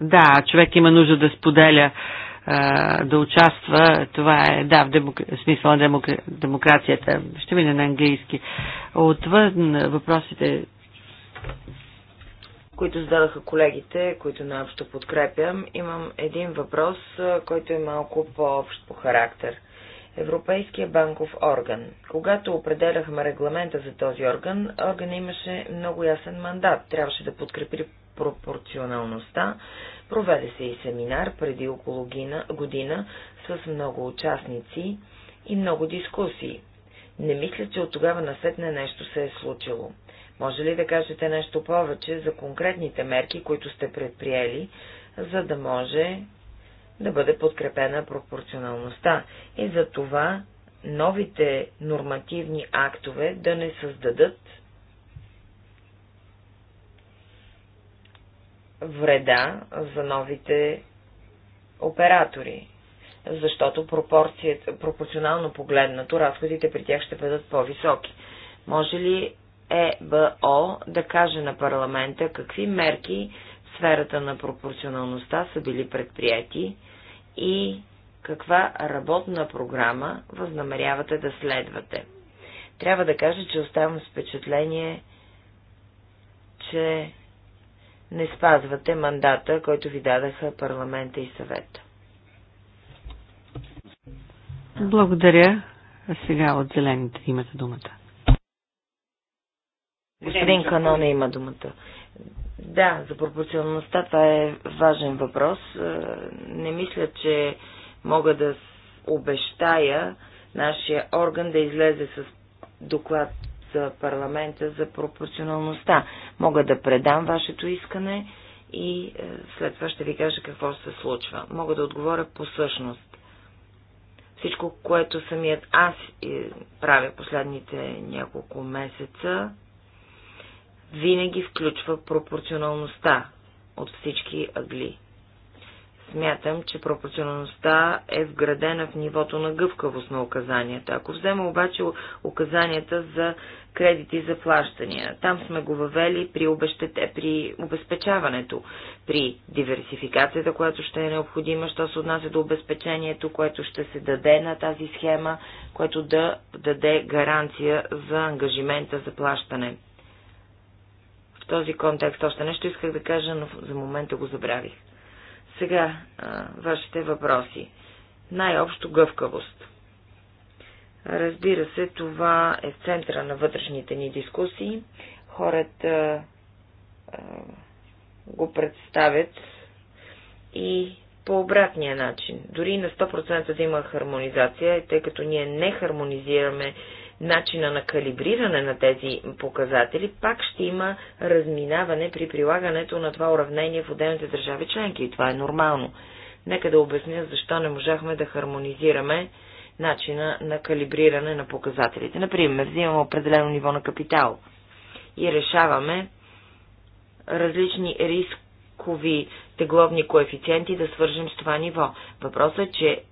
Да, човек има нужда да споделя, е, да участва. Това е, да, в демок... смисъл на демокра... демокрацията. Ще мина на английски. Отвън въпросите, които зададаха колегите, които наобщо подкрепям, имам един въпрос, който е малко по-общ по характер – Европейския банков орган. Когато определяхме регламента за този орган, орган имаше много ясен мандат. Трябваше да подкрепи пропорционалността. Проведе се и семинар преди около година с много участници и много дискусии. Не мисля, че от тогава насетне нещо се е случило. Може ли да кажете нещо повече за конкретните мерки, които сте предприели, за да може да бъде подкрепена пропорционалността и за това новите нормативни актове да не създадат вреда за новите оператори, защото пропорционално погледнато разходите при тях ще бъдат по-високи. Може ли ЕБО да каже на парламента какви мерки в сферата на пропорционалността са били предприяти и каква работна програма възнамерявате да следвате. Трябва да кажа, че оставам с впечатление, че не спазвате мандата, който ви дадаха парламента и съвета. Благодаря. А сега от зелените имате думата. Господин Канона има думата. Да, за пропорционалността това е важен въпрос. Е, не мисля, че мога да обещая нашия орган да излезе с доклад за парламента за пропорционалността. Мога да предам вашето искане и е, след това ще ви кажа какво се случва. Мога да отговоря по същност. Всичко, което самият аз е, правя последните няколко месеца, винаги включва пропорционалността от всички агли. Смятам, че пропорционалността е вградена в нивото на гъвкавост на указанията. Ако взема обаче указанията за кредити за плащания, там сме го въвели при, обещете, при обезпечаването, при диверсификацията, която ще е необходима, що се отнася до обезпечението, което ще се даде на тази схема, което да даде гаранция за ангажимента за плащане този контекст още нещо исках да кажа, но за момента го забравих. Сега, а, вашите въпроси. Най-общо гъвкавост. Разбира се, това е в центъра на вътрешните ни дискусии. Хората а, го представят и по обратния начин. Дори на 100% да има хармонизация, тъй като ние не хармонизираме начина на калибриране на тези показатели, пак ще има разминаване при прилагането на това уравнение в отделните държави членки и това е нормално. Нека да обясня защо не можахме да хармонизираме начина на калибриране на показателите. Например, взимаме определено ниво на капитал и решаваме различни рискови тегловни коефициенти да свържем с това ниво. Въпросът е, че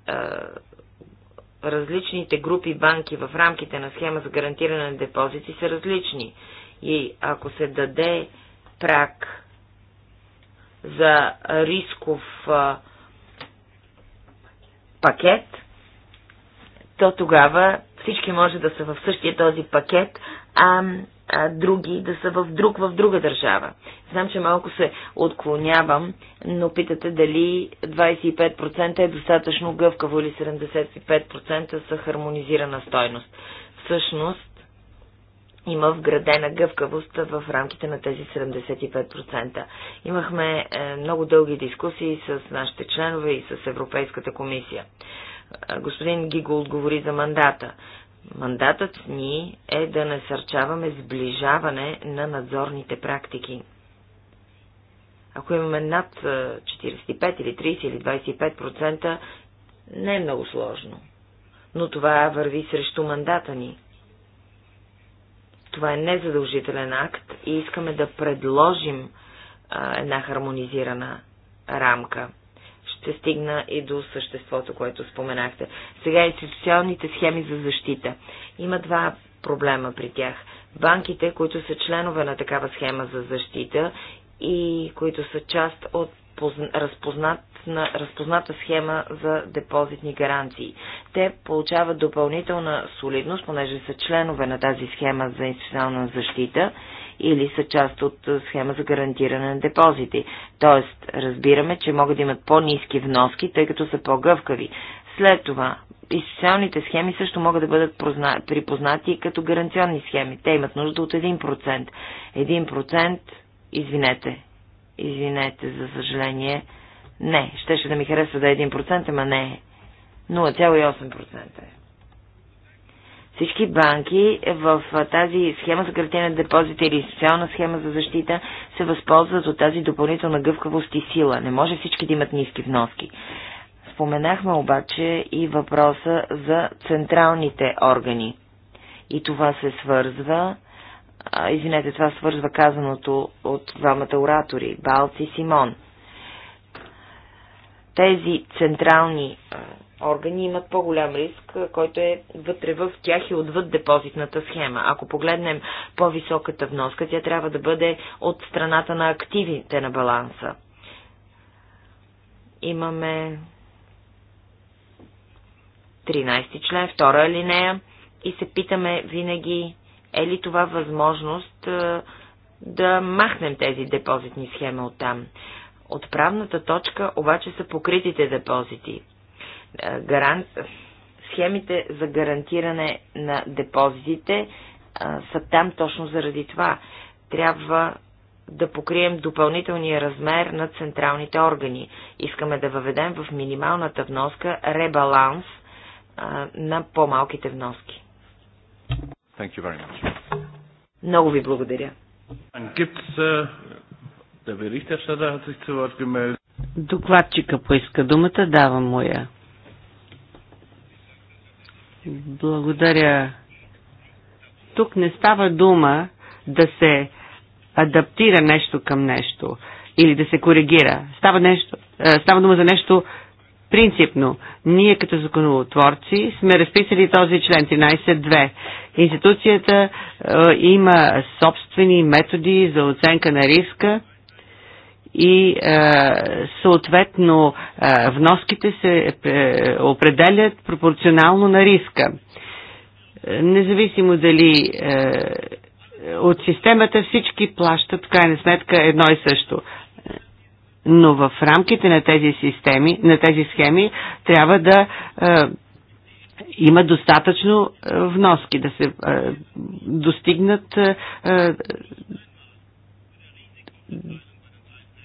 различните групи банки в рамките на схема за гарантиране на депозити са различни. И ако се даде прак за рисков а, пакет, то тогава всички може да са в същия този пакет, а а, други да са в друг, в друга държава. Знам, че малко се отклонявам, но питате дали 25% е достатъчно гъвкаво или 75% са хармонизирана стойност. Всъщност има вградена гъвкавост в рамките на тези 75%. Имахме е, много дълги дискусии с нашите членове и с Европейската комисия. Е, господин Гиго отговори за мандата. Мандатът ни е да насърчаваме сближаване на надзорните практики. Ако имаме над 45 или 30 или 25%, не е много сложно. Но това върви срещу мандата ни. Това е незадължителен акт и искаме да предложим а, една хармонизирана рамка ще стигна и до съществото, което споменахте. Сега и социалните схеми за защита. Има два проблема при тях. Банките, които са членове на такава схема за защита и които са част от разпознат на разпозната схема за депозитни гаранции. Те получават допълнителна солидност, понеже са членове на тази схема за институционална защита или са част от схема за гарантиране на депозити. Тоест, разбираме, че могат да имат по-низки вноски, тъй като са по-гъвкави. След това, и социалните схеми също могат да бъдат припознати като гаранционни схеми. Те имат нужда от 1%. 1%, извинете, извинете, за съжаление, не, щеше да ми хареса да е 1%, ама не 0,8% е. Всички банки в тази схема за гарантиране на депозита или социална схема за защита се възползват от тази допълнителна гъвкавост и сила. Не може всички да имат ниски вноски. Споменахме обаче и въпроса за централните органи. И това се свързва, извинете, това свързва казаното от двамата оратори, Балци и Симон. Тези централни органи имат по-голям риск, който е вътре в тях и отвъд депозитната схема. Ако погледнем по-високата вноска, тя трябва да бъде от страната на активите на баланса. Имаме 13 член, втора линея и се питаме винаги е ли това възможност да махнем тези депозитни схеми от там. Отправната точка обаче са покритите депозити гарант, схемите за гарантиране на депозитите а, са там точно заради това. Трябва да покрием допълнителния размер на централните органи. Искаме да въведем в минималната вноска ребаланс а, на по-малките вноски. Thank you very much. Много ви благодаря. Докладчика поиска думата, давам му я. Благодаря. Тук не става дума да се адаптира нещо към нещо или да се коригира. Става, нещо, е, става дума за нещо принципно. Ние като законотворци сме разписали този член 13.2. Институцията е, има собствени методи за оценка на риска и е, съответно е, вноските се е, определят пропорционално на риска. Независимо дали от системата всички плащат в крайна сметка едно и също. Но в рамките на тези системи, на тези схеми, трябва да е, има достатъчно е, вноски, да се е, достигнат е,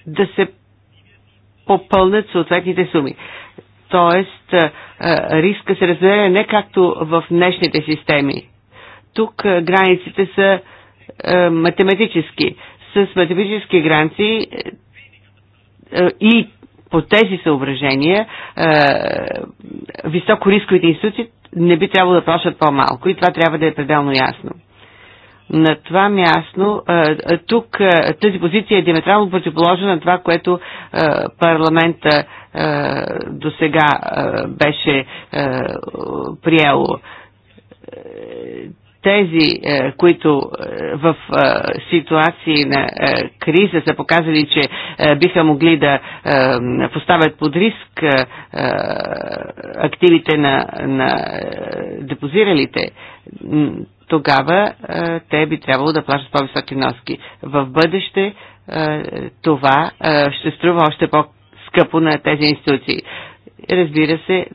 да се попълнят съответните суми. Тоест, риска се разделя не както в днешните системи. Тук границите са математически. С математически граници и по тези съображения високорисковите институции не би трябвало да плащат по-малко и това трябва да е пределно ясно на това място, е, е, тук е, тази позиция е диаметрално противоположна на това, което парламента до сега беше приело. Тези, които в ситуации на криза са показали, че биха могли да поставят под риск активите на, на депозиралите, тогава е, те би трябвало да плащат по-високи носки. В бъдеще е, това е, ще струва още по-скъпо на тези институции. Разбира се,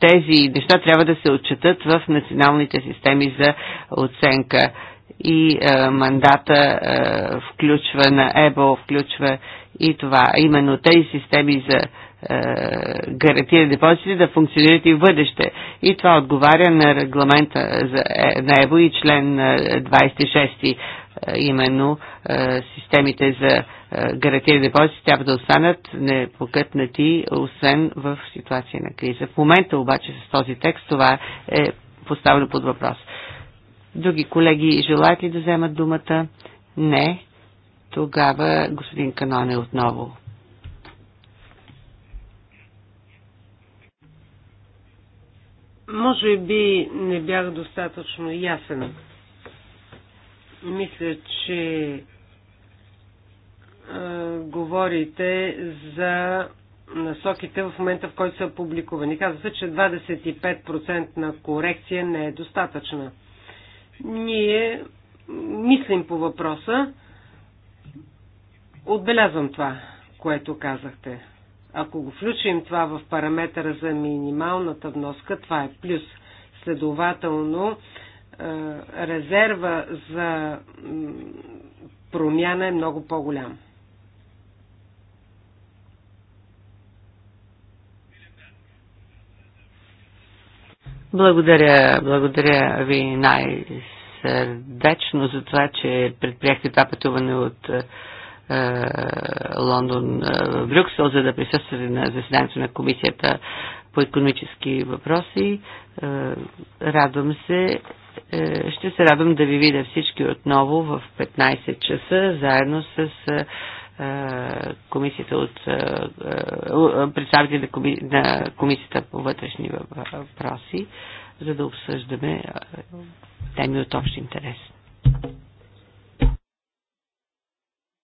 тези неща трябва да се отчетат в националните системи за оценка и е, мандата е, включва на ЕБО, включва и това. Именно тези системи за е, гарантира депозити да функционират и в бъдеще. И това отговаря на регламента за, е, на ЕВО и член 26 е, именно системите за гарантирани депозити трябва да останат непокътнати, освен в ситуация на криза. В момента обаче с този текст това е поставено под въпрос. Други колеги желаят ли да вземат думата? Не. Тогава господин Каноне отново. Може би не бях достатъчно ясен. Мисля, че е, говорите за насоките в момента, в който са публикувани. Казва се, че 25% на корекция не е достатъчна. Ние мислим по въпроса. Отбелязвам това, което казахте. Ако го включим това в параметъра за минималната вноска, това е плюс. Следователно, е, резерва за промяна е много по-голям. Благодаря, благодаря ви най-сърдечно за това, че предприехте това пътуване от е, е, Лондон, е, в Брюксел, за да присъствате на заседанието на комисията по економически въпроси. Е, радвам се, ще се радвам да ви видя всички отново в 15 часа, заедно с комисията от представители на комисията по вътрешни въпроси, за да обсъждаме теми от общ интерес.